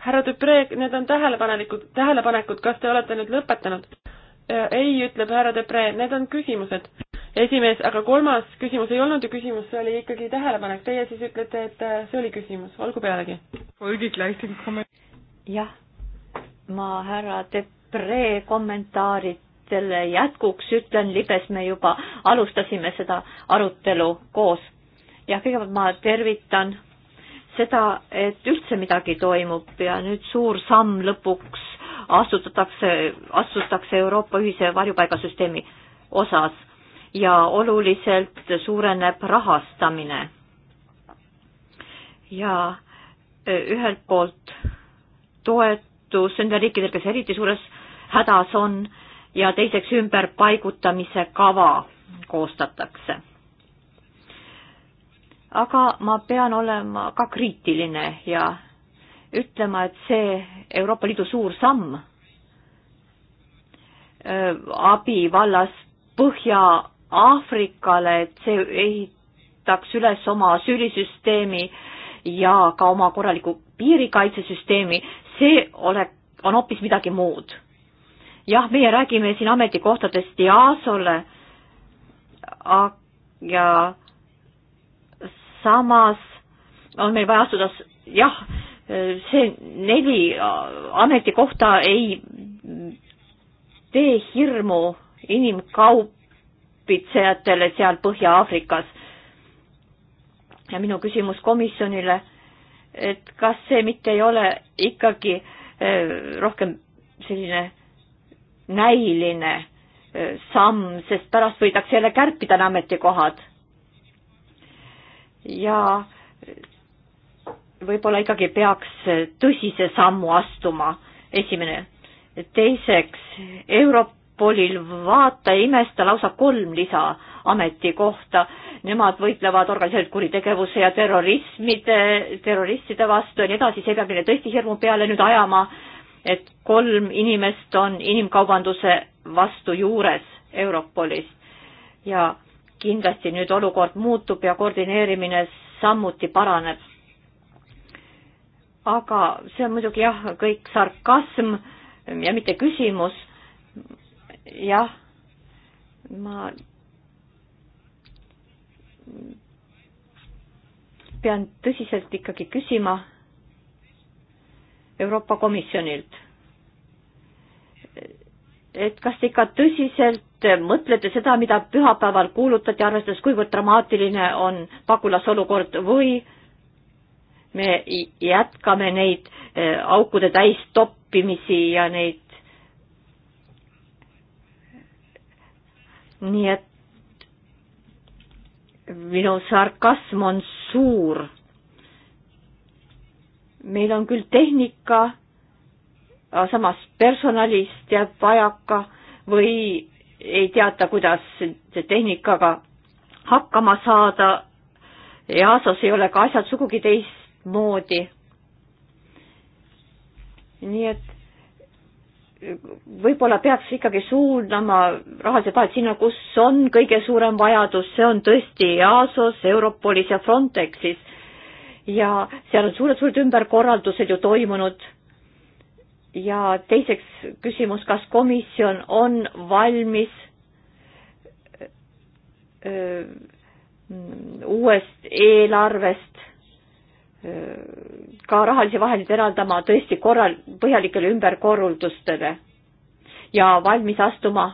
härra Dupree, need on tähelepanelikud, tähelepanekud, kas te olete nüüd lõpetanud? Äh, ei, ütleb härra Dupree, need on küsimused. esimees, aga kolmas küsimus ei olnud ju küsimus, see oli ikkagi tähelepanek, teie siis ütlete, et äh, see oli küsimus, olgu pealegi. jah, ma härra Dupree kommentaaridele jätkuks ütlen, libes me juba alustasime seda arutelu koos. jah, kõigepealt ma tervitan seda, et üldse midagi toimub ja nüüd suur samm lõpuks astutatakse, astutakse Euroopa ühise varjupaigasüsteemi osas ja oluliselt suureneb rahastamine. ja e, ühelt poolt toetus nendele riikidele, kes eriti suures hädas on ja teiseks ümberpaigutamise kava koostatakse aga ma pean olema ka kriitiline ja ütlema, et see Euroopa Liidu suur samm abi vallas Põhja-Aafrikale, et see ehitaks üles oma asüülisüsteemi ja ka oma korraliku piirikaitsesüsteemi, see ole, on hoopis midagi muud. jah, meie räägime siin ametikohtadest EASO-le ja samas on meil vaja astuda jah, see neli ametikohta ei tee hirmu inimkaupitsejatele seal Põhja-Aafrikas. ja minu küsimus komisjonile, et kas see mitte ei ole ikkagi eh, rohkem selline näiline eh, samm, sest pärast võidakse jälle kärpida need ametikohad ja võib-olla ikkagi peaks tõsise sammu astuma, esimene. teiseks, Europolil vaata ja imesta lausa kolm lisa ametikohta. Nemad võitlevad organiseeritud kuritegevuse ja terrorismide, terroristide vastu ja nii edasi, see peab meile tõesti hirmu peale nüüd ajama, et kolm inimest on inimkaubanduse vastu juures Europolis ja kindlasti nüüd olukord muutub ja koordineerimine samuti paraneb. aga see on muidugi jah, kõik sarkasm ja mitte küsimus. jah, ma pean tõsiselt ikkagi küsima Euroopa Komisjonilt et kas te ikka tõsiselt mõtlete seda, mida pühapäeval kuulutati, arvestades kuivõrd dramaatiline on pagulasolukord või me jätkame neid eh, aukude täis toppimisi ja neid. nii et minu sarkasm on suur. meil on küll tehnika aga äh, samas personalist jääb vajaka või ei teata, kuidas tehnikaga hakkama saada. EASO-s ei ole ka asjad sugugi teistmoodi. nii et võib-olla peaks ikkagi suunama rahalised vahed sinna, kus on kõige suurem vajadus, see on tõesti EASO-s, Europolis ja Frontexis. ja seal on suured-suured ümberkorraldused ju toimunud ja teiseks küsimus, kas komisjon on valmis öö, äh, mm, uuest eelarvest öö, äh, ka rahalisi vahendeid eraldama tõesti korral, põhjalikele ümberkorraldustele ja valmis astuma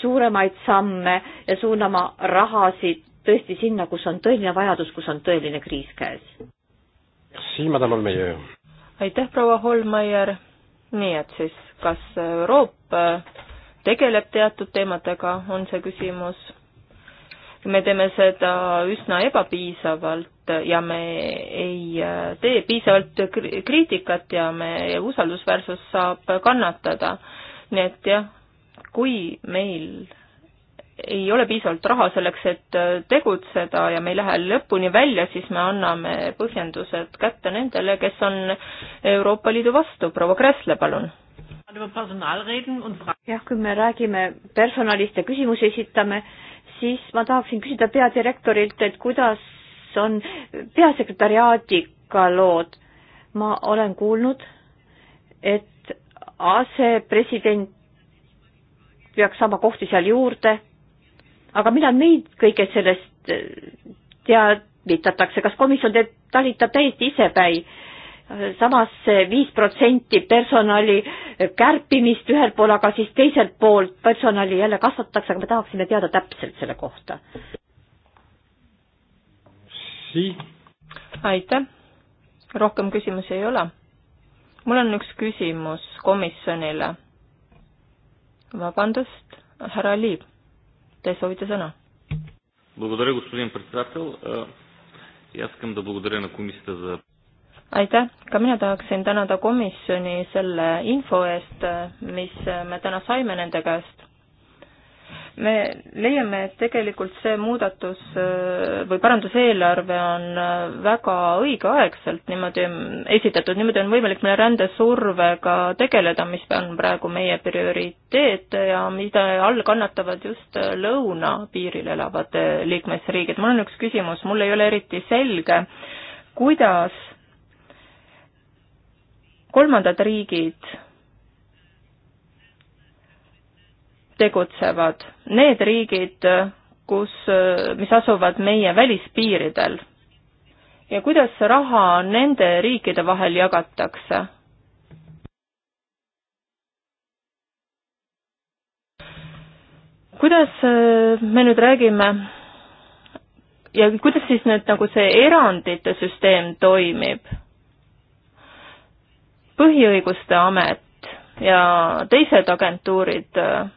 suuremaid samme ja suunama rahasid tõesti sinna, kus on tõeline vajadus, kus on tõeline kriis käes. Merci, madame Olmeier aitäh, proua Holmeier. nii et siis, kas Euroopa äh, tegeleb teatud teemadega, on see küsimus? me teeme seda üsna ebapiisavalt ja me ei äh, tee piisavalt kriitikat ja me usaldusväärsus saab kannatada. nii et jah, kui meil ei ole piisavalt raha selleks, et äh, tegutseda ja me ei lähe lõpuni välja, siis me anname põhjendused kätte nendele, kes on Euroopa Liidu vastu. proua Kressle, palun. jah, kui me räägime personalist ja küsimusi esitame, siis ma tahaksin küsida peadirektorilt, et kuidas on peasekretäriaadiga lood. ma olen kuulnud, et asepresident peaks saama kohti seal juurde aga millal meid kõigest sellest äh, teavitatakse, kas komisjon teeb, talitab täiesti isepäi? samas see viis protsenti personali kärpimist ühel pool, aga siis teiselt poolt personali jälle kasvatatakse, aga me tahaksime teada täpselt selle kohta. aitäh, rohkem küsimusi ei ole. mul on üks küsimus komisjonile. vabandust, härra Liiv te soovite sõna? aitäh, ka mina tahaksin tänada komisjoni selle info eest, mis me täna saime nende käest me leiame, et tegelikult see muudatus äh, või paranduseelarve on äh, väga õigeaegselt niimoodi esitatud, niimoodi on võimalik meil rändesurvega tegeleda, mis on praegu meie prioriteet ja mida all kannatavad just äh, lõunapiiril elavad liikmesriigid. mul on üks küsimus, mul ei ole eriti selge, kuidas kolmandad riigid tegutsevad, need riigid, kus, mis asuvad meie välispiiridel ja kuidas raha nende riikide vahel jagatakse? kuidas äh, me nüüd räägime ja kuidas siis nüüd nagu see erandite süsteem toimib? põhiõiguste amet ja teised agentuurid äh,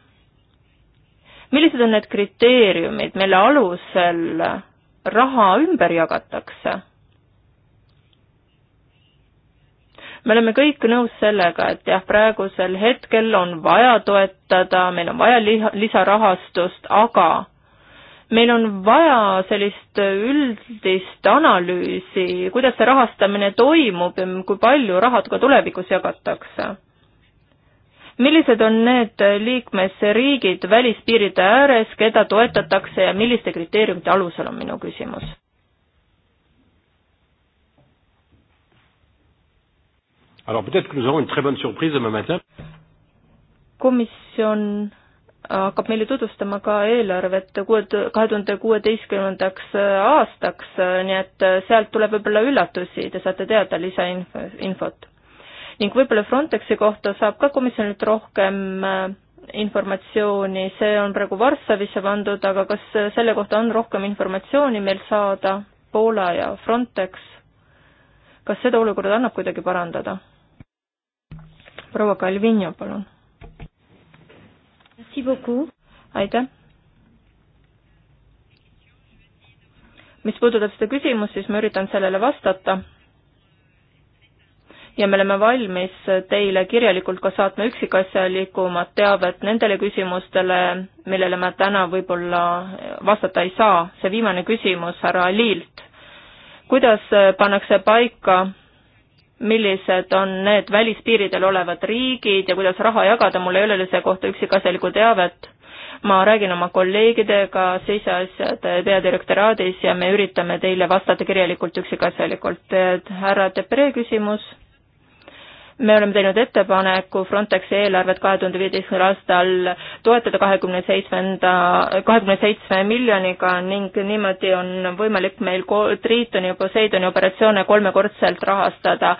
millised on need kriteeriumid, mille alusel raha ümber jagatakse? me oleme kõik nõus sellega, et jah, praegusel hetkel on vaja toetada, meil on vaja liha, lisarahastust, aga meil on vaja sellist üldist analüüsi, kuidas see rahastamine toimub ja kui palju raha ka tulevikus jagatakse millised on need liikmesriigid välispiiride ääres, keda toetatakse ja milliste kriteeriumite alusel, on minu küsimus. Alors peut-être que nous aurons une très bonne surprise demain matin. komisjon hakkab meile tutvustama ka eelarvet kuue, kahe tuhande kuueteistkümnendaks aastaks, nii et sealt tuleb võib-olla üllatusi, te saate teada lisainfot ning võib-olla Frontexi kohta saab ka komisjonilt rohkem äh, informatsiooni, see on praegu Varssavisse pandud, aga kas äh, selle kohta on rohkem informatsiooni meil saada, Poola ja Frontex, kas seda olukorda annab kuidagi parandada? proua Calvino, palun. aitäh. mis puudutab seda küsimust, siis ma üritan sellele vastata ja me oleme valmis teile kirjalikult ka saatma üksikasjalikumat teavet nendele küsimustele, millele me täna võib-olla vastata ei saa. see viimane küsimus härra Alilt. kuidas pannakse paika millised on need välispiiridel olevad riigid ja kuidas raha jagada, mul ei ole selle kohta üksikasjalikku teavet. ma räägin oma kolleegidega siseasjade peadirektoraadis ja me üritame teile vastata kirjalikult üksikasjalikult. härra Depre küsimus me oleme teinud ettepaneku Frontexi eelarvet kahe tuhande viieteistkümnendal aastal toetada kahekümne seitsmenda, kahekümne seitsme miljoniga ning niimoodi on võimalik meil Triitoni ja Poseidoni operatsioone kolmekordselt rahastada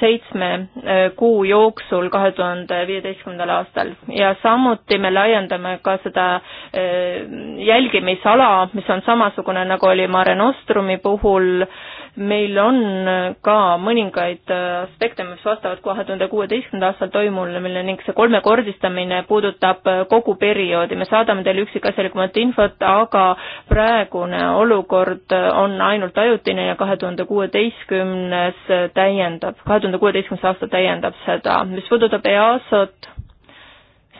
seitsme äh, kuu jooksul kahe tuhande viieteistkümnendal aastal. ja samuti me laiendame ka seda äh, jälgimisala, mis on samasugune, nagu oli Mare Nostrumi puhul, meil on äh, ka mõningaid äh, aspekte, mis vastavad kahe tuhande kuueteistkümnenda aastal toimunule ning see kolmekordistamine puudutab äh, kogu perioodi, me saadame teile üksikasjalikumat infot, aga praegune olukord on ainult ajutine ja kahe tuhande kuueteistkümnes täiendab, kahe tuhande kuueteistkümnes aasta täiendab seda. mis puudutab EASO-t,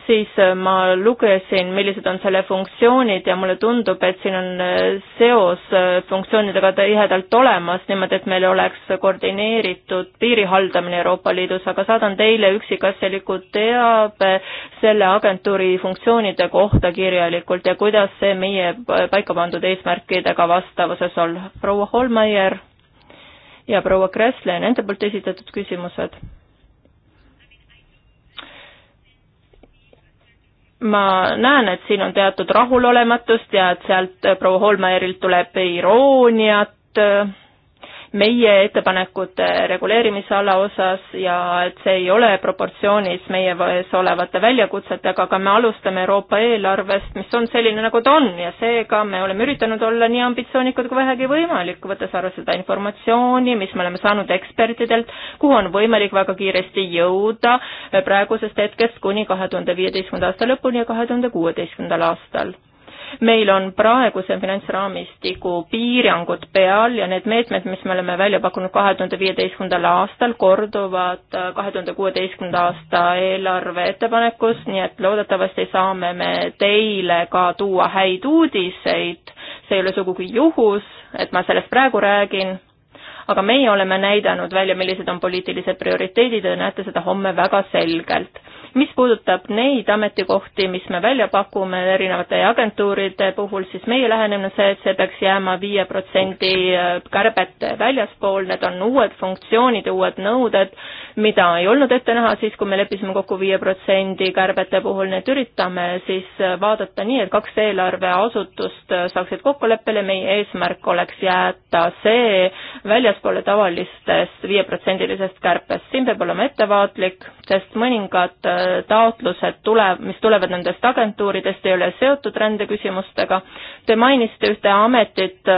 siis äh, ma lugesin, millised on selle funktsioonid ja mulle tundub, et siin on äh, seos äh, funktsioonidega tihedalt olemas, niimoodi et meil oleks koordineeritud piiri haldamine Euroopa Liidus, aga saadan teile üksikasjaliku teabe selle agentuuri funktsioonide kohta kirjalikult ja kuidas see meie paika pandud eesmärkidega vastavuses on. proua Holmeier ja proua Kressle, nende poolt esitatud küsimused ma näen, et siin on teatud rahulolematust ja et sealt proua Holmerilt tuleb irooniat meie ettepanekute reguleerimisala osas ja et see ei ole proportsioonis meie ees olevate väljakutsetega, aga me alustame Euroopa eelarvest, mis on selline, nagu ta on ja seega me oleme üritanud olla nii ambitsioonikud kui vähegi võimalik, võttes arvesse seda informatsiooni, mis me oleme saanud ekspertidelt, kuhu on võimalik väga kiiresti jõuda praegusest hetkest kuni kahe tuhande viieteistkümnenda aasta lõpuni ja kahe tuhande kuueteistkümnendal aastal meil on praeguse finantsraamistiku piirangud peal ja need meetmed, mis me oleme välja pakkunud kahe tuhande viieteistkümnendal aastal, korduvad kahe tuhande kuueteistkümnenda aasta eelarve ettepanekus, nii et loodetavasti saame me teile ka tuua häid uudiseid, see ei ole sugugi juhus, et ma sellest praegu räägin, aga meie oleme näidanud välja, millised on poliitilised prioriteedid ja näete seda homme väga selgelt mis puudutab neid ametikohti, mis me välja pakume erinevate agentuuride puhul, siis meie lähenemine on see, et see peaks jääma viie protsendi äh, kärbete väljaspool, need on uued funktsioonid ja uued nõuded, mida ei olnud ette näha siis, kui me leppisime kokku viie protsendi kärbete puhul, nii et üritame siis äh, vaadata nii, et kaks eelarveasutust äh, saaksid kokkuleppele, meie eesmärk oleks jätta see väljaspoole tavalistest viieprotsendilisest kärpest, siin peab olema ettevaatlik, sest mõningad taotlused tule, mis tulevad nendest agentuuridest, ei ole seotud rändeküsimustega. Te mainisite ühte ametit,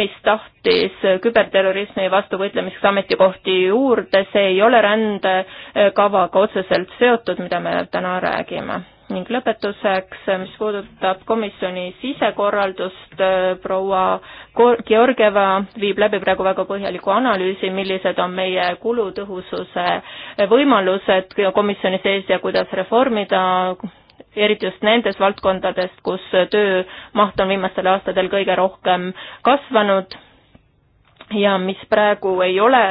mis tahtis küberterrorismi vastu võitlemiseks ametikohti juurde, see ei ole rändekavaga otseselt seotud, mida me täna räägime ning lõpetuseks, mis puudutab komisjoni sisekorraldust, äh, proua Georgieva viib läbi praegu väga põhjaliku analüüsi, millised on meie kulutõhususe äh, võimalused komisjoni sees ja kuidas reformida eriti just nendes valdkondades, kus töömaht on viimastel aastatel kõige rohkem kasvanud ja mis praegu ei ole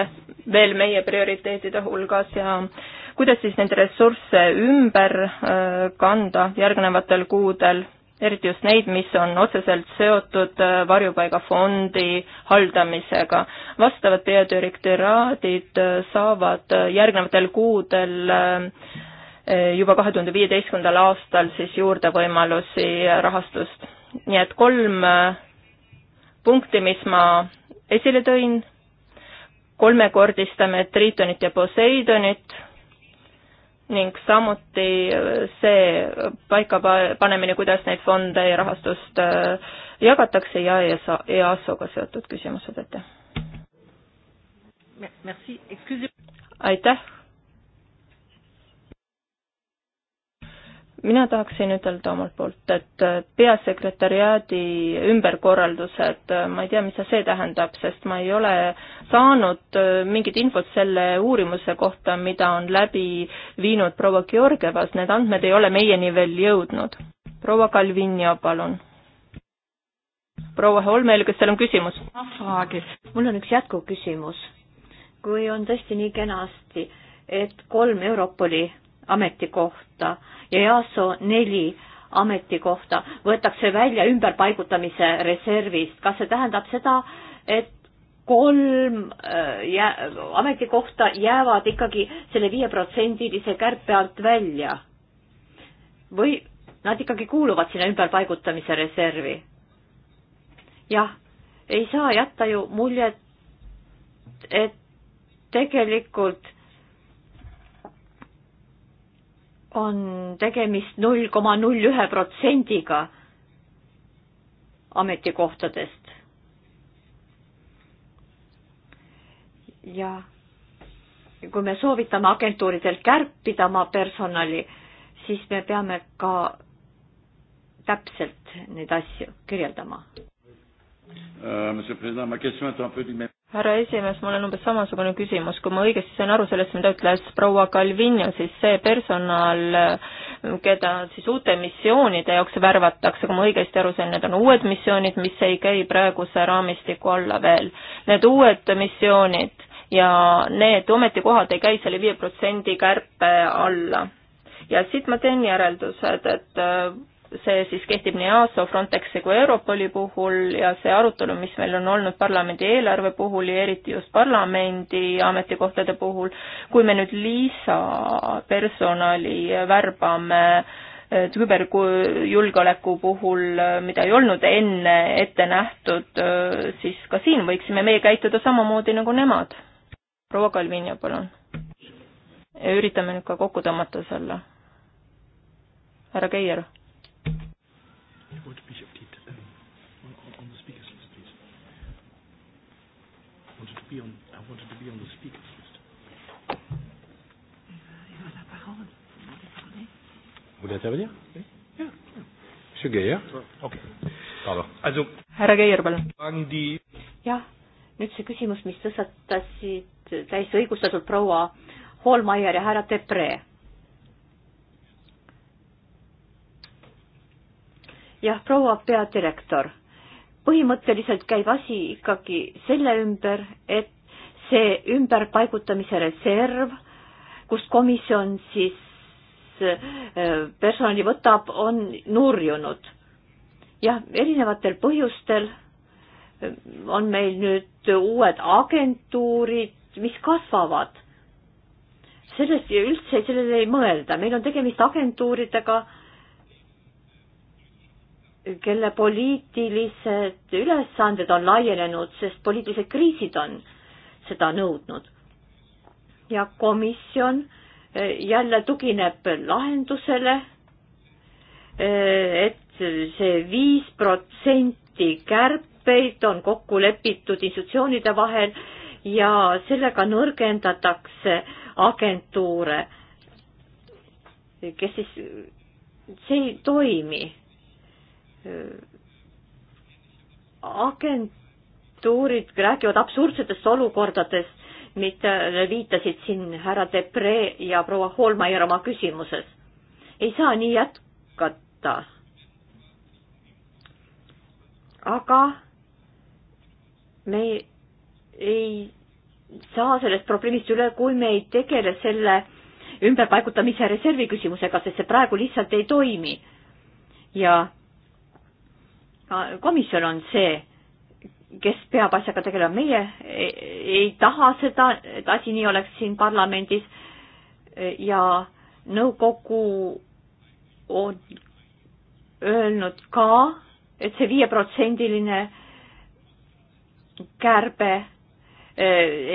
veel meie prioriteetide hulgas ja äh, kuidas siis neid ressursse ümber äh, kanda järgnevatel kuudel, eriti just neid, mis on otseselt seotud äh, varjupaigafondi haldamisega. vastavad peadirektoraadid äh, saavad järgnevatel kuudel juba kahe tuhande viieteistkümnendal aastal siis juurde võimalusi rahastust. nii et kolm punkti, mis ma esile tõin, kolmekordistame Tritonit ja Poseidonit ning samuti see paikapanemine, kuidas neid fonde ja rahastust äh, jagatakse ja EASA, EASO-ga seotud küsimused, aitäh! aitäh! mina tahaksin ütelda omalt poolt, et äh, peasekretäriaadi ümberkorraldused, äh, ma ei tea, mis see tähendab, sest ma ei ole saanud äh, mingit infot selle uurimuse kohta, mida on läbi viinud proua Georgievas, need andmed ei ole meieni veel jõudnud. proua Calvinio, palun. proua Holmel, kas teil on küsimus? mul on üks jätkuküsimus. kui on tõesti nii kenasti, et kolm Europoli ametikohta ja EASO neli ametikohta võetakse välja ümberpaigutamise reservist. kas see tähendab seda, et kolm äh, jää, ametikohta jäävad ikkagi selle viieprotsendilise kärpe alt välja? või nad ikkagi kuuluvad sinna ümberpaigutamise reservi? jah, ei saa jätta ju muljet, et tegelikult on tegemist null koma null ühe protsendiga ametikohtadest. ja kui me soovitame agentuuridel kärpida oma personali, siis me peame ka täpselt neid asju kirjeldama. Äh, härra esimees, mul on umbes samasugune küsimus, kui ma õigesti sain aru sellest, mida ütles proua Calvino, siis see personal, keda siis uute missioonide jaoks värvatakse, kui ma õigesti aru sain, need on uued missioonid, mis ei käi praeguse raamistiku alla veel. Need uued missioonid ja need ametikohad ei käi selle viie protsendi kärpe alla ja siit ma teen järeldused, et see siis kehtib nii ASO, Frontexi kui Europoli puhul ja see arutelu, mis meil on olnud parlamendi eelarve puhul ja eriti just parlamendi ametikohtade puhul, kui me nüüd lisapersonali värbame eh, küberjulgeoleku puhul, eh, mida ei olnud enne ette nähtud, eh, siis ka siin võiksime meie käituda samamoodi nagu nemad. proua Kalvinja, palun. üritame nüüd ka kokku tõmmata selle. härra Keier be on, I wanted to be on the speakers list. Vous voulez intervenir oui. yeah. Monsieur Geyer okay. Pardon. Also, härra Geyer, palun. jah, nüüd see küsimus, mis tõstatasid täiesti õigustatult proua Hallmeier ja härra Depre. jah, proua peadirektor põhimõtteliselt käib asi ikkagi selle ümber, et see ümberpaigutamise reserv, kust komisjon siis äh, personali võtab, on nurjunud. jah, erinevatel põhjustel äh, on meil nüüd uued agentuurid, mis kasvavad. sellest üldse, sellele ei mõelda, meil on tegemist agentuuridega, kelle poliitilised ülesanded on laienenud, sest poliitilised kriisid on seda nõudnud. ja komisjon eh, jälle tugineb lahendusele, eh, et see viis protsenti kärpeid on kokku lepitud institutsioonide vahel ja sellega nõrgendatakse agentuure, kes siis, see ei toimi agentuurid räägivad absurdsetest olukordadest, mida viitasid siin härra Depre ja proua Holmeier oma küsimuses. ei saa nii jätkata. aga me ei saa sellest probleemist üle, kui me ei tegele selle ümberpaigutamise reservi küsimusega, sest see praegu lihtsalt ei toimi. ja komisjon on see, kes peab asjaga tegelema, meie ei, ei taha seda, et asi nii oleks siin parlamendis e, ja nõukogu on öelnud ka, et see viieprotsendiline kärbe e,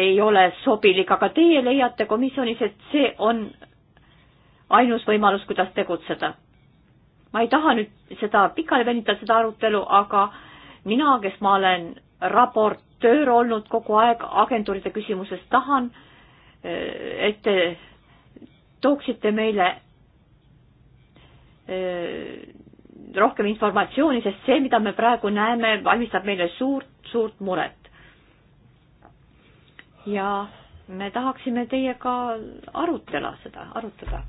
ei ole sobilik, aga teie leiate komisjonis, et see on ainus võimalus, kuidas tegutseda ma ei taha nüüd seda pikale venitada, seda arutelu, aga mina, kes ma olen raportöör olnud kogu aeg agentuuride küsimuses, tahan, eh, et te tooksite meile eh, rohkem informatsiooni, sest see, mida me praegu näeme, valmistab meile suurt-suurt muret. ja me tahaksime teiega arutela seda, arutada.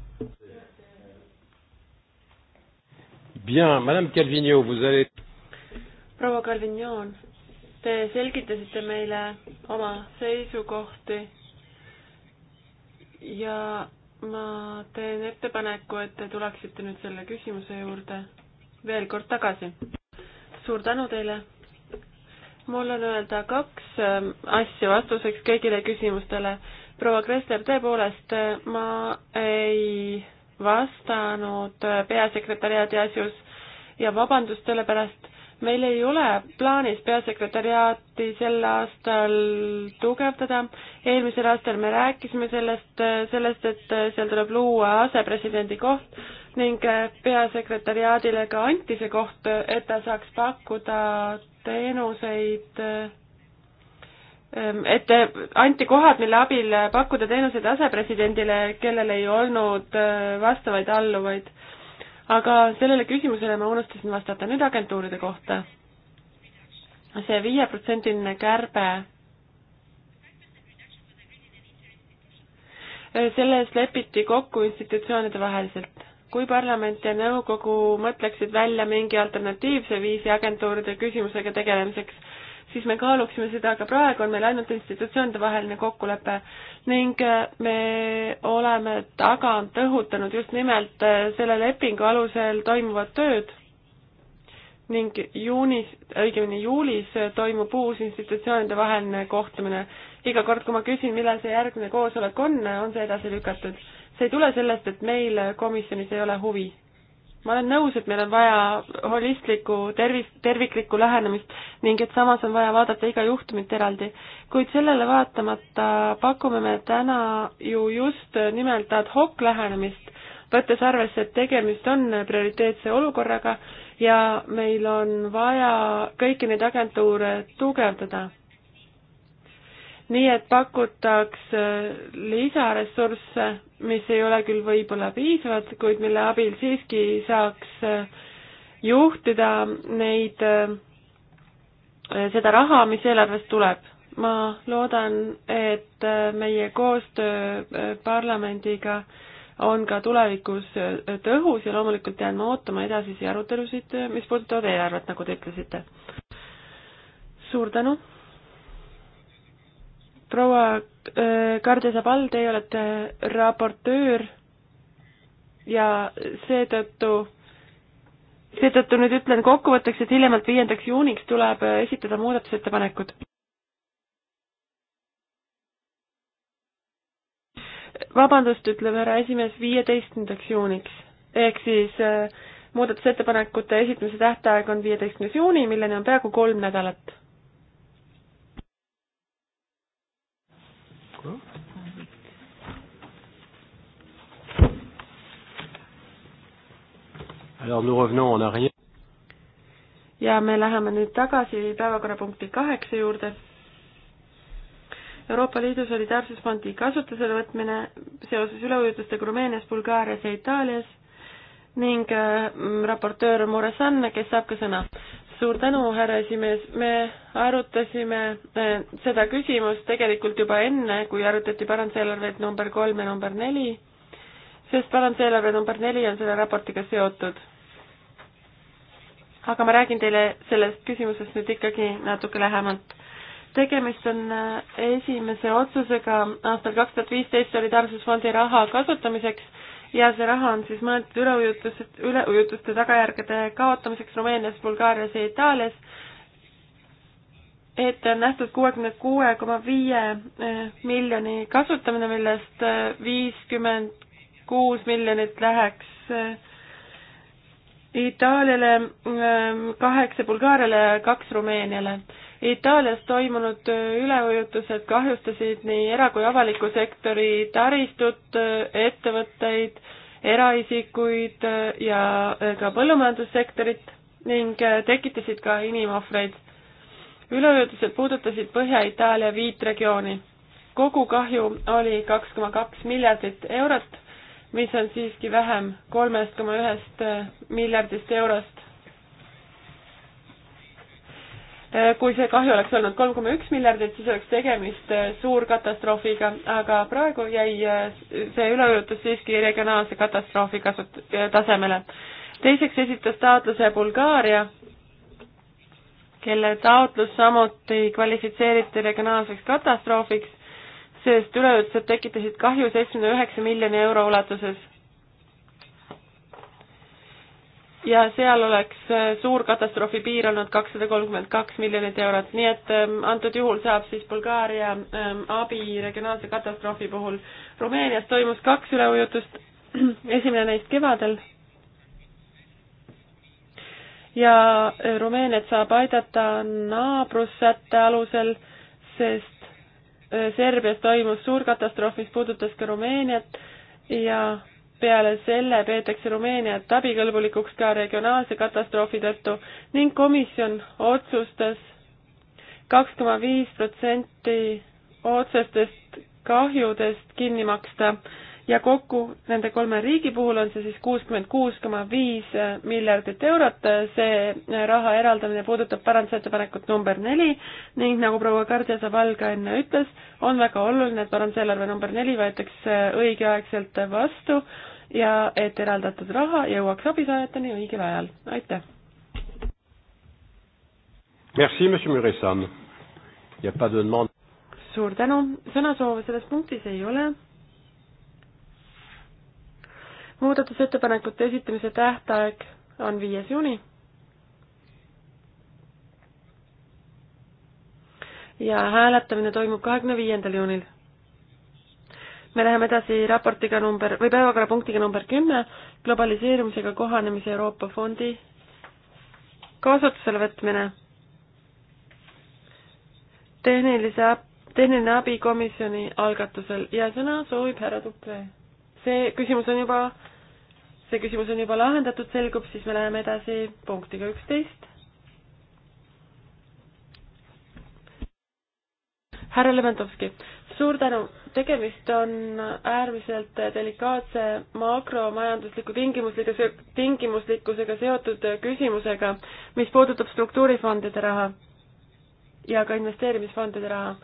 Bien, madame Calvino, vous allez. proua Calvino, te selgitasite meile oma seisukohti ja ma teen ettepaneku, et te tuleksite nüüd selle küsimuse juurde veel kord tagasi. suur tänu teile. mul on öelda kaks ähm, asja vastuseks kõigile küsimustele. proua Kressler, tõepoolest, äh, ma ei vastanud peasekretäriaadi asjus ja vabandust selle pärast, meil ei ole plaanis peasekretäriaati sel aastal tugevdada. eelmisel aastal me rääkisime sellest, sellest, et seal tuleb luua asepresidendi koht ning peasekretäriaadile ka anti see koht, et ta saaks pakkuda teenuseid Ehm, et eh, anti kohad, mille abil eh, pakkuda teenuseid asepresidendile, kellel ei olnud eh, vastavaid alluvaid. aga sellele küsimusele ma unustasin vastata nüüd agentuuride kohta see. see viieprotsendiline kärbe, selles lepiti kokku institutsioonide vaheliselt. kui parlament ja nõukogu mõtleksid välja mingi alternatiivse viisi agentuuride küsimusega tegelemiseks, siis me kaaluksime seda, aga praegu on meil ainult institutsioonide vaheline kokkulepe ning äh, me oleme tagant õhutanud just nimelt äh, selle lepingu alusel toimuvat tööd ning juunis, õigemini juulis toimub uus institutsioonide vaheline kohtumine. iga kord, kui ma küsin, millal see järgmine koosolek on, on see edasi lükatud. see ei tule sellest, et meil komisjonis ei ole huvi ma olen nõus, et meil on vaja holistlikku, tervis, terviklikku lähenemist ning et samas on vaja vaadata iga juhtumit eraldi. kuid sellele vaatamata pakume me täna ju just nimelt ad hoc lähenemist, võttes arvesse, et tegemist on prioriteetse olukorraga ja meil on vaja kõiki neid agentuure tugevdada nii et pakutaks äh, lisaressursse, mis ei ole küll võib-olla piisavad, kuid mille abil siiski saaks äh, juhtida neid, äh, seda raha, mis eelarvest tuleb. ma loodan, et meie koostöö parlamendiga on ka tulevikus tõhus ja loomulikult jään ma ootama edasisi arutelusid, mis puudutavad eelarvet, nagu te ütlesite. suur tänu! proua äh, Karde Sabal, teie olete raportöör ja seetõttu, seetõttu nüüd ütlen kokkuvõtteks, et hiljemalt viiendaks juuniks tuleb äh, esitada muudatusettepanekud. vabandust, ütleme härra esimees, viieteistkümnendaks juuniks ehk siis äh, muudatusettepanekute esitamise tähtaeg on viieteistkümnes juuni, milleni on peaaegu kolm nädalat ja me läheme nüüd tagasi päevakorrapunkti kaheksa juurde. Euroopa Liidu solidaarsusfondi kasutusele võtmine seoses üleujutustega Rumeenias, Bulgaarias ja Itaalias ning äh, raportöör Muresan, kes saab ka sõna. suur tänu, härra esimees, me arutasime äh, seda küsimust tegelikult juba enne, kui arutati parandseelarveid number kolm ja number neli, sest parandseelarve number neli on selle raportiga seotud aga ma räägin teile sellest küsimusest nüüd ikkagi natuke lähemalt. tegemist on äh, esimese otsusega aastal kaks tuhat viisteist Solidaarsusfondi raha kasutamiseks ja see raha on siis mõeldud üleujutused, üleujutuste tagajärgede kaotamiseks Rumeenias, Bulgaarias ja Itaalias. ette on nähtud kuuekümne kuue koma viie äh, miljoni kasutamine, millest äh, viiskümmend kuus miljonit läheks Itaaliale ähm, kaheksa, Bulgaariale kaks, Rumeeniale. Itaalias toimunud äh, üleujutused kahjustasid nii era- kui avaliku sektori taristut, äh, ettevõtteid, eraisikuid äh, ja ka põllumajandussektorit ning tekitasid ka inimohvreid. üleujutused puudutasid Põhja-Itaalia viit regiooni. kogu kahju oli kaks koma kaks miljardit eurot mis on siiski vähem kolmest koma ühest äh, miljardist eurost. Äh, kui see kahju oleks olnud kolm koma üks miljardit, siis oleks tegemist äh, suurkatastroofiga, aga praegu jäi see üleujutus siiski regionaalse katastroofi kasut-, tasemele. teiseks esitas taotluse Bulgaaria, kelle taotlus samuti kvalifitseeriti regionaalseks katastroofiks sest üleujutused tekitasid kahju seitsmekümne üheksa miljoni euro ulatuses. ja seal oleks äh, suur katastroofi piir olnud kakssada kolmkümmend kaks miljonit eurot, nii et ähm, antud juhul saab siis Bulgaaria ähm, abi regionaalse katastroofi puhul. Rumeenias toimus kaks üleujutust, esimene neist kevadel ja äh, Rumeeniat saab aidata naabrussätte alusel, sest Äh, Serbias toimus suur katastroof, mis puudutas ka Rumeeniat ja peale selle peetakse Rumeeniat abikõlbulikuks ka regionaalse katastroofi tõttu ning komisjon otsustas kaks koma viis protsenti otsestest kahjudest kinni maksta ja kokku nende kolme riigi puhul on see siis kuuskümmend kuus koma viis miljardit eurot, see raha eraldamine puudutab parandusettepanekut number neli ning nagu proua Kardia Zaval ka enne ütles, on väga oluline, et paranduseelarve number neli võetakse õigeaegselt vastu ja et eraldatud raha jõuaks abisaajateni õigel ajal, aitäh! Merci, monsieur Muresan. Il n'y a pas de demande. Suur tänu, sõnasoove selles punktis ei ole muudatusettepanekute esitamise tähtaeg on viies juuni. ja hääletamine toimub kahekümne viiendal juunil. me läheme edasi raportiga number või päevakorrapunktiga number kümme, globaliseerumisega kohanemise Euroopa Fondi kasutusele võtmine. tehnilise, tehniline abi komisjoni algatusel ja sõna soovib härra Tukre. see küsimus on juba see küsimus on juba lahendatud, selgub, siis me läheme edasi punktiga üksteist. härra Levantovski, suur tänu. tegemist on äärmiselt delikaatse makromajandusliku tingimuslikkusega, tingimuslikkusega seotud küsimusega, mis puudutab struktuurifondide raha ja ka investeerimisfondide raha.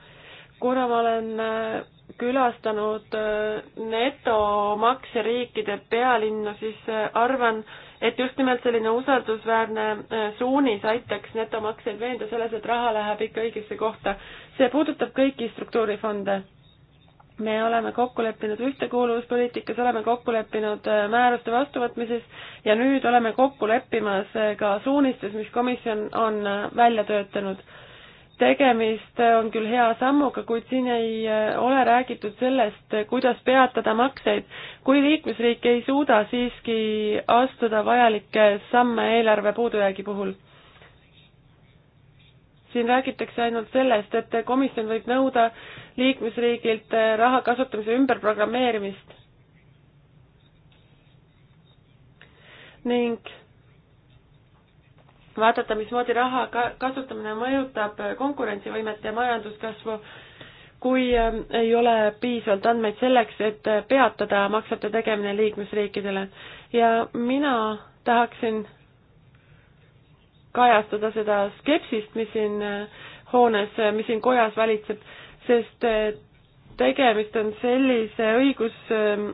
kuna ma olen äh, külastanud äh, netomaksjariikide pealinnu, siis äh, arvan, et just nimelt selline usaldusväärne äh, suunis aitaks netomaksjaid veenda selles, et raha läheb ikka õigesse kohta. see puudutab kõiki struktuurifonde. me oleme kokku leppinud ühtekuuluvuspoliitikas, oleme kokku leppinud määruste vastuvõtmises ja nüüd oleme kokku leppimas ka suunistes, mis komisjon on välja töötanud tegemist on küll hea sammuga, kuid siin ei äh, ole räägitud sellest, kuidas peatada makseid. kui liikmesriik ei suuda siiski astuda vajalikke samme eelarve puudujäägi puhul. siin räägitakse ainult sellest, et komisjon võib nõuda liikmesriigilt äh, raha kasutamise ümberprogrammeerimist ning vaadata, mismoodi raha ka-, kasutamine mõjutab konkurentsivõimet ja majanduskasvu, kui ähm, ei ole piisavalt andmeid selleks, et peatada maksete tegemine liikmesriikidele. ja mina tahaksin kajastada seda skepsist, mis siin äh, hoones, äh, mis siin kojas valitseb, sest äh, tegemist on sellise õigus ähm,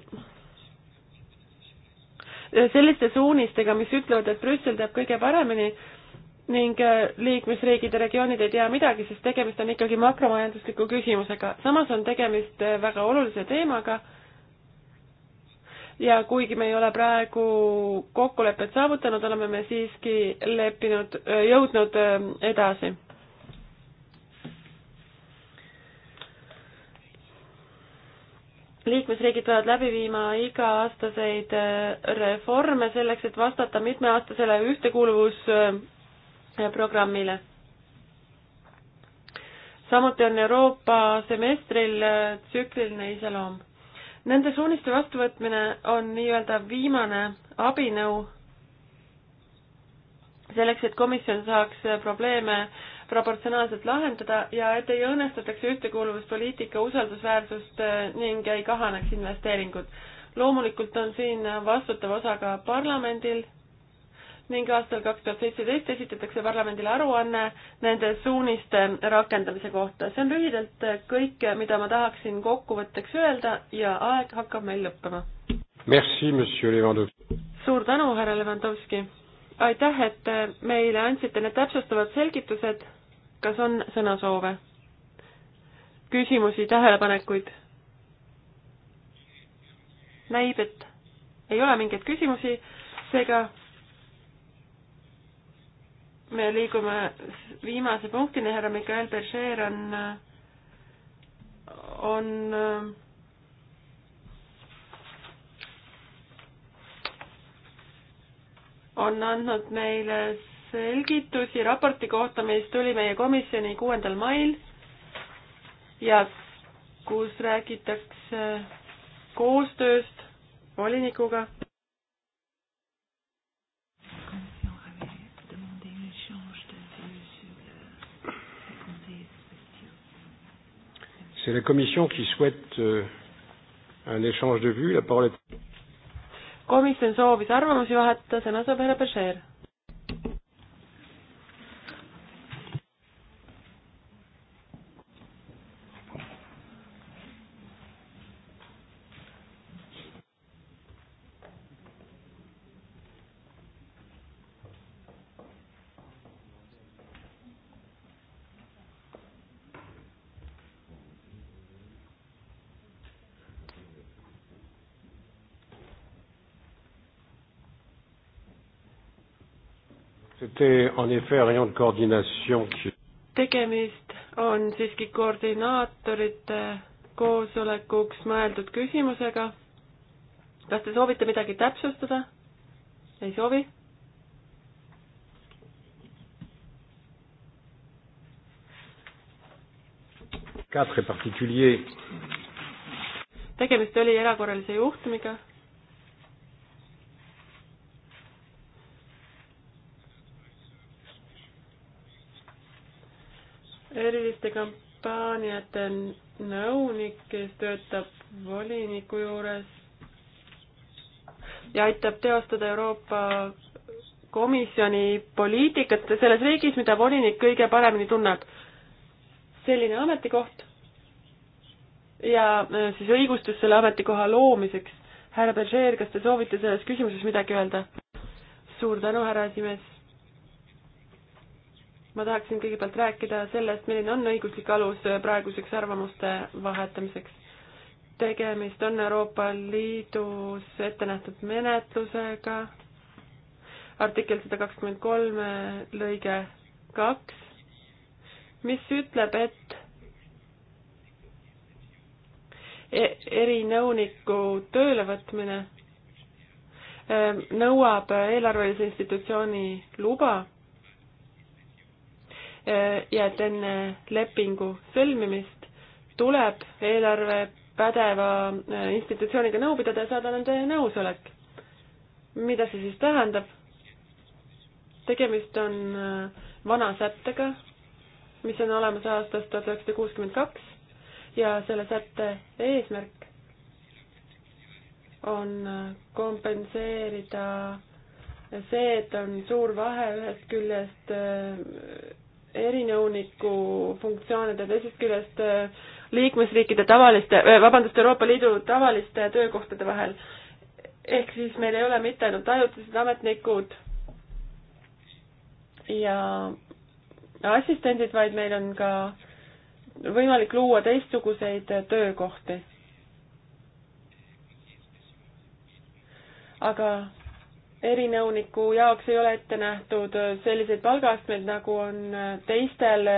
selliste suunistega, mis ütlevad, et Brüssel teab kõige paremini ning äh, liikmesriigid ja regioonid ei tea midagi, sest tegemist on ikkagi makromajandusliku küsimusega. samas on tegemist äh, väga olulise teemaga ja kuigi me ei ole praegu kokkulepet saavutanud, oleme me siiski leppinud, äh, jõudnud edasi liikmesriigid peavad läbi viima iga-aastaseid äh, reforme selleks, et vastata mitmeaastasele ühtekuuluvusprogrammile. samuti on Euroopa semestril äh, tsükliline iseloom. Nende suuniste vastuvõtmine on nii-öelda viimane abinõu selleks, et komisjon saaks probleeme äh, proportsionaalselt lahendada ja et ei õõnestataks ühtekuuluvuspoliitika usaldusväärsust äh, ning ei kahaneks investeeringud. loomulikult on siin vastutav osa ka parlamendil ning aastal kaks tuhat seitseteist esitatakse parlamendile aruanne nende suuniste rakendamise kohta. see on lühidalt kõik, mida ma tahaksin kokkuvõtteks öelda ja aeg hakkab meil lõppema. Merci, monsieur Levandovski. suur tänu, härra Levandovski. aitäh, et meile andsite need täpsustavad selgitused kas on sõnasoove? küsimusi, tähelepanekuid? näib, et ei ole mingeid küsimusi, seega me liigume viimase punktini, härra Mikael Berger on, on on andnud meile selgitusi raporti kohta, mis tuli meie komisjoni kuuendal mail ja kus räägitakse koostööst volinikuga. C'est la commission qui souhaite euh, un échange de vues. La parole est. Komisjon soovis arvamusi vahetada, sõna saab härra Bashir. était en effet un rayon de coordination qui tegemist on siiski koordinaatorite koosolekuks mõeldud küsimusega. kas te soovite midagi täpsustada? ei soovi? tegemist oli erakorralise juhtumiga kampaaniate nõunik, kes töötab voliniku juures ja aitab teostada Euroopa Komisjoni poliitikat selles riigis, mida volinik kõige paremini tunneb. selline ametikoht ja äh, siis õigustus selle ametikoha loomiseks. härra Berger, kas te soovite selles küsimuses midagi öelda? suur tänu, härra esimees ma tahaksin kõigepealt rääkida sellest, milline on õiguslik alus praeguseks arvamuste vahetamiseks. tegemist on Euroopa Liidus ette nähtud menetlusega, artikkel sada kakskümmend kolm lõige kaks, mis ütleb, et e-, erinõuniku töölevõtmine ehm, nõuab eelarvelise institutsiooni luba ja et enne lepingu sõlmimist tuleb eelarve pädeva äh, institutsiooniga nõu pidada ja saada nende nõusolek. mida see siis tähendab? tegemist on äh, vana sättega, mis on olemas aastast tuhat üheksasada kuuskümmend kaks ja selle sätte eesmärk on äh, kompenseerida see, et on suur vahe ühest küljest erinõuniku funktsioonid ja teisest küljest äh, liikmesriikide tavaliste, äh, vabandust, Euroopa Liidu tavaliste töökohtade vahel. ehk siis meil ei ole mitte ainult ajutised ametnikud ja assistendid, vaid meil on ka võimalik luua teistsuguseid töökohti. aga erinõuniku jaoks ei ole ette nähtud selliseid palgaastmeid, nagu on teistel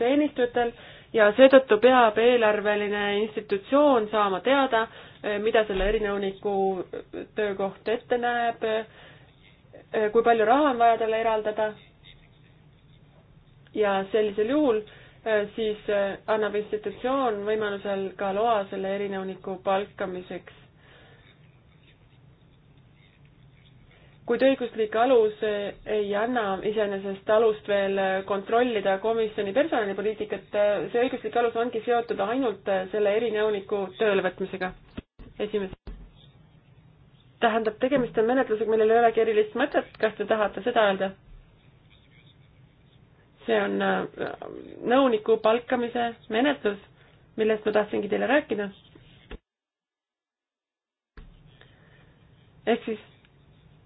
teenistujatel ja seetõttu peab eelarveline institutsioon saama teada, mida selle erinõuniku töökoht ette näeb, kui palju raha on vaja talle eraldada. ja sellisel juhul siis annab institutsioon võimalusel ka loa selle erinõuniku palkamiseks kuid õiguslik alus ei anna iseenesest alust veel kontrollida komisjoni personalipoliitikat, see õiguslik alus ongi seotud ainult selle erinõuniku töölevõtmisega. esimese. tähendab, tegemist on menetlusega, millel ei olegi erilist mõtet, kas te tahate seda öelda? see on äh, nõuniku palkamise menetlus, millest ma tahtsingi teile rääkida. ehk siis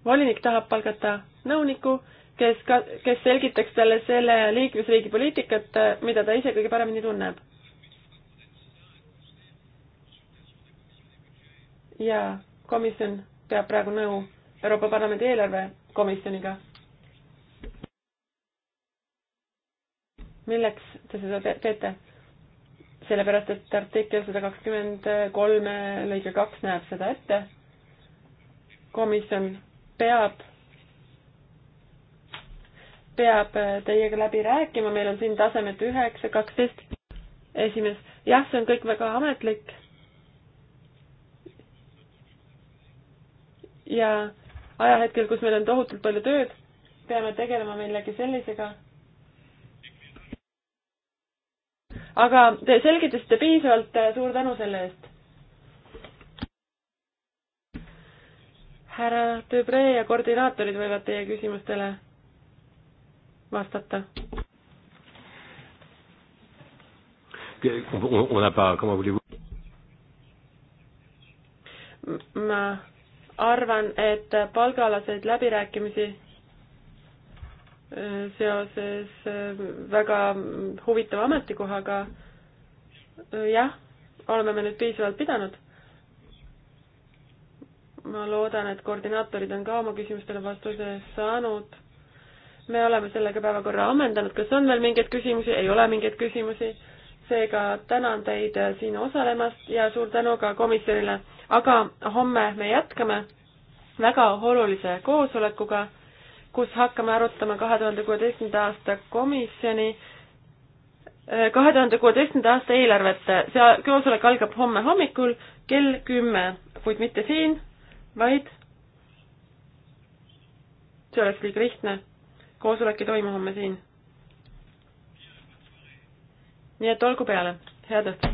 volinik tahab palgata nõuniku, kes ka, kes selgitaks talle selle liikmesriigi poliitikat, mida ta ise kõige paremini tunneb. ja komisjon peab praegu nõu Euroopa Parlamendi eelarvekomisjoniga. milleks te seda te teete? sellepärast, et artikkel sada kakskümmend kolme lõige kaks näeb seda ette. komisjon peab, peab teiega läbi rääkima, meil on siin tasemed üheksa, kaksteist, esimees. jah, see on kõik väga ametlik. ja ajahetkel, kus meil on tohutult palju tööd, peame tegelema millegi sellisega aga te selgitasite piisavalt, suur tänu selle eest. härra Debre ja koordinaatorid võivad teie küsimustele vastata. ma arvan, et palgaalaseid läbirääkimisi äh, seoses äh, väga huvitava ametikohaga, äh, jah, oleme me nüüd piisavalt pidanud ma loodan, et koordinaatorid on ka oma küsimustele vastuse saanud. me oleme sellega päevakorra ammendanud, kas on veel mingeid küsimusi, ei ole mingeid küsimusi, seega tänan teid siin osalemast ja suur tänu ka komisjonile, aga homme me jätkame väga olulise koosolekuga, kus hakkame arutama kahe tuhande kuueteistkümnenda aasta komisjoni eh, kahe tuhande kuueteistkümnenda aasta eelarvet, see koosolek algab homme hommikul kell kümme, kuid mitte siin, vaid see oleks liiga lihtne. koosolek ei toimu homme siin. nii et olgu peale, head õhtut!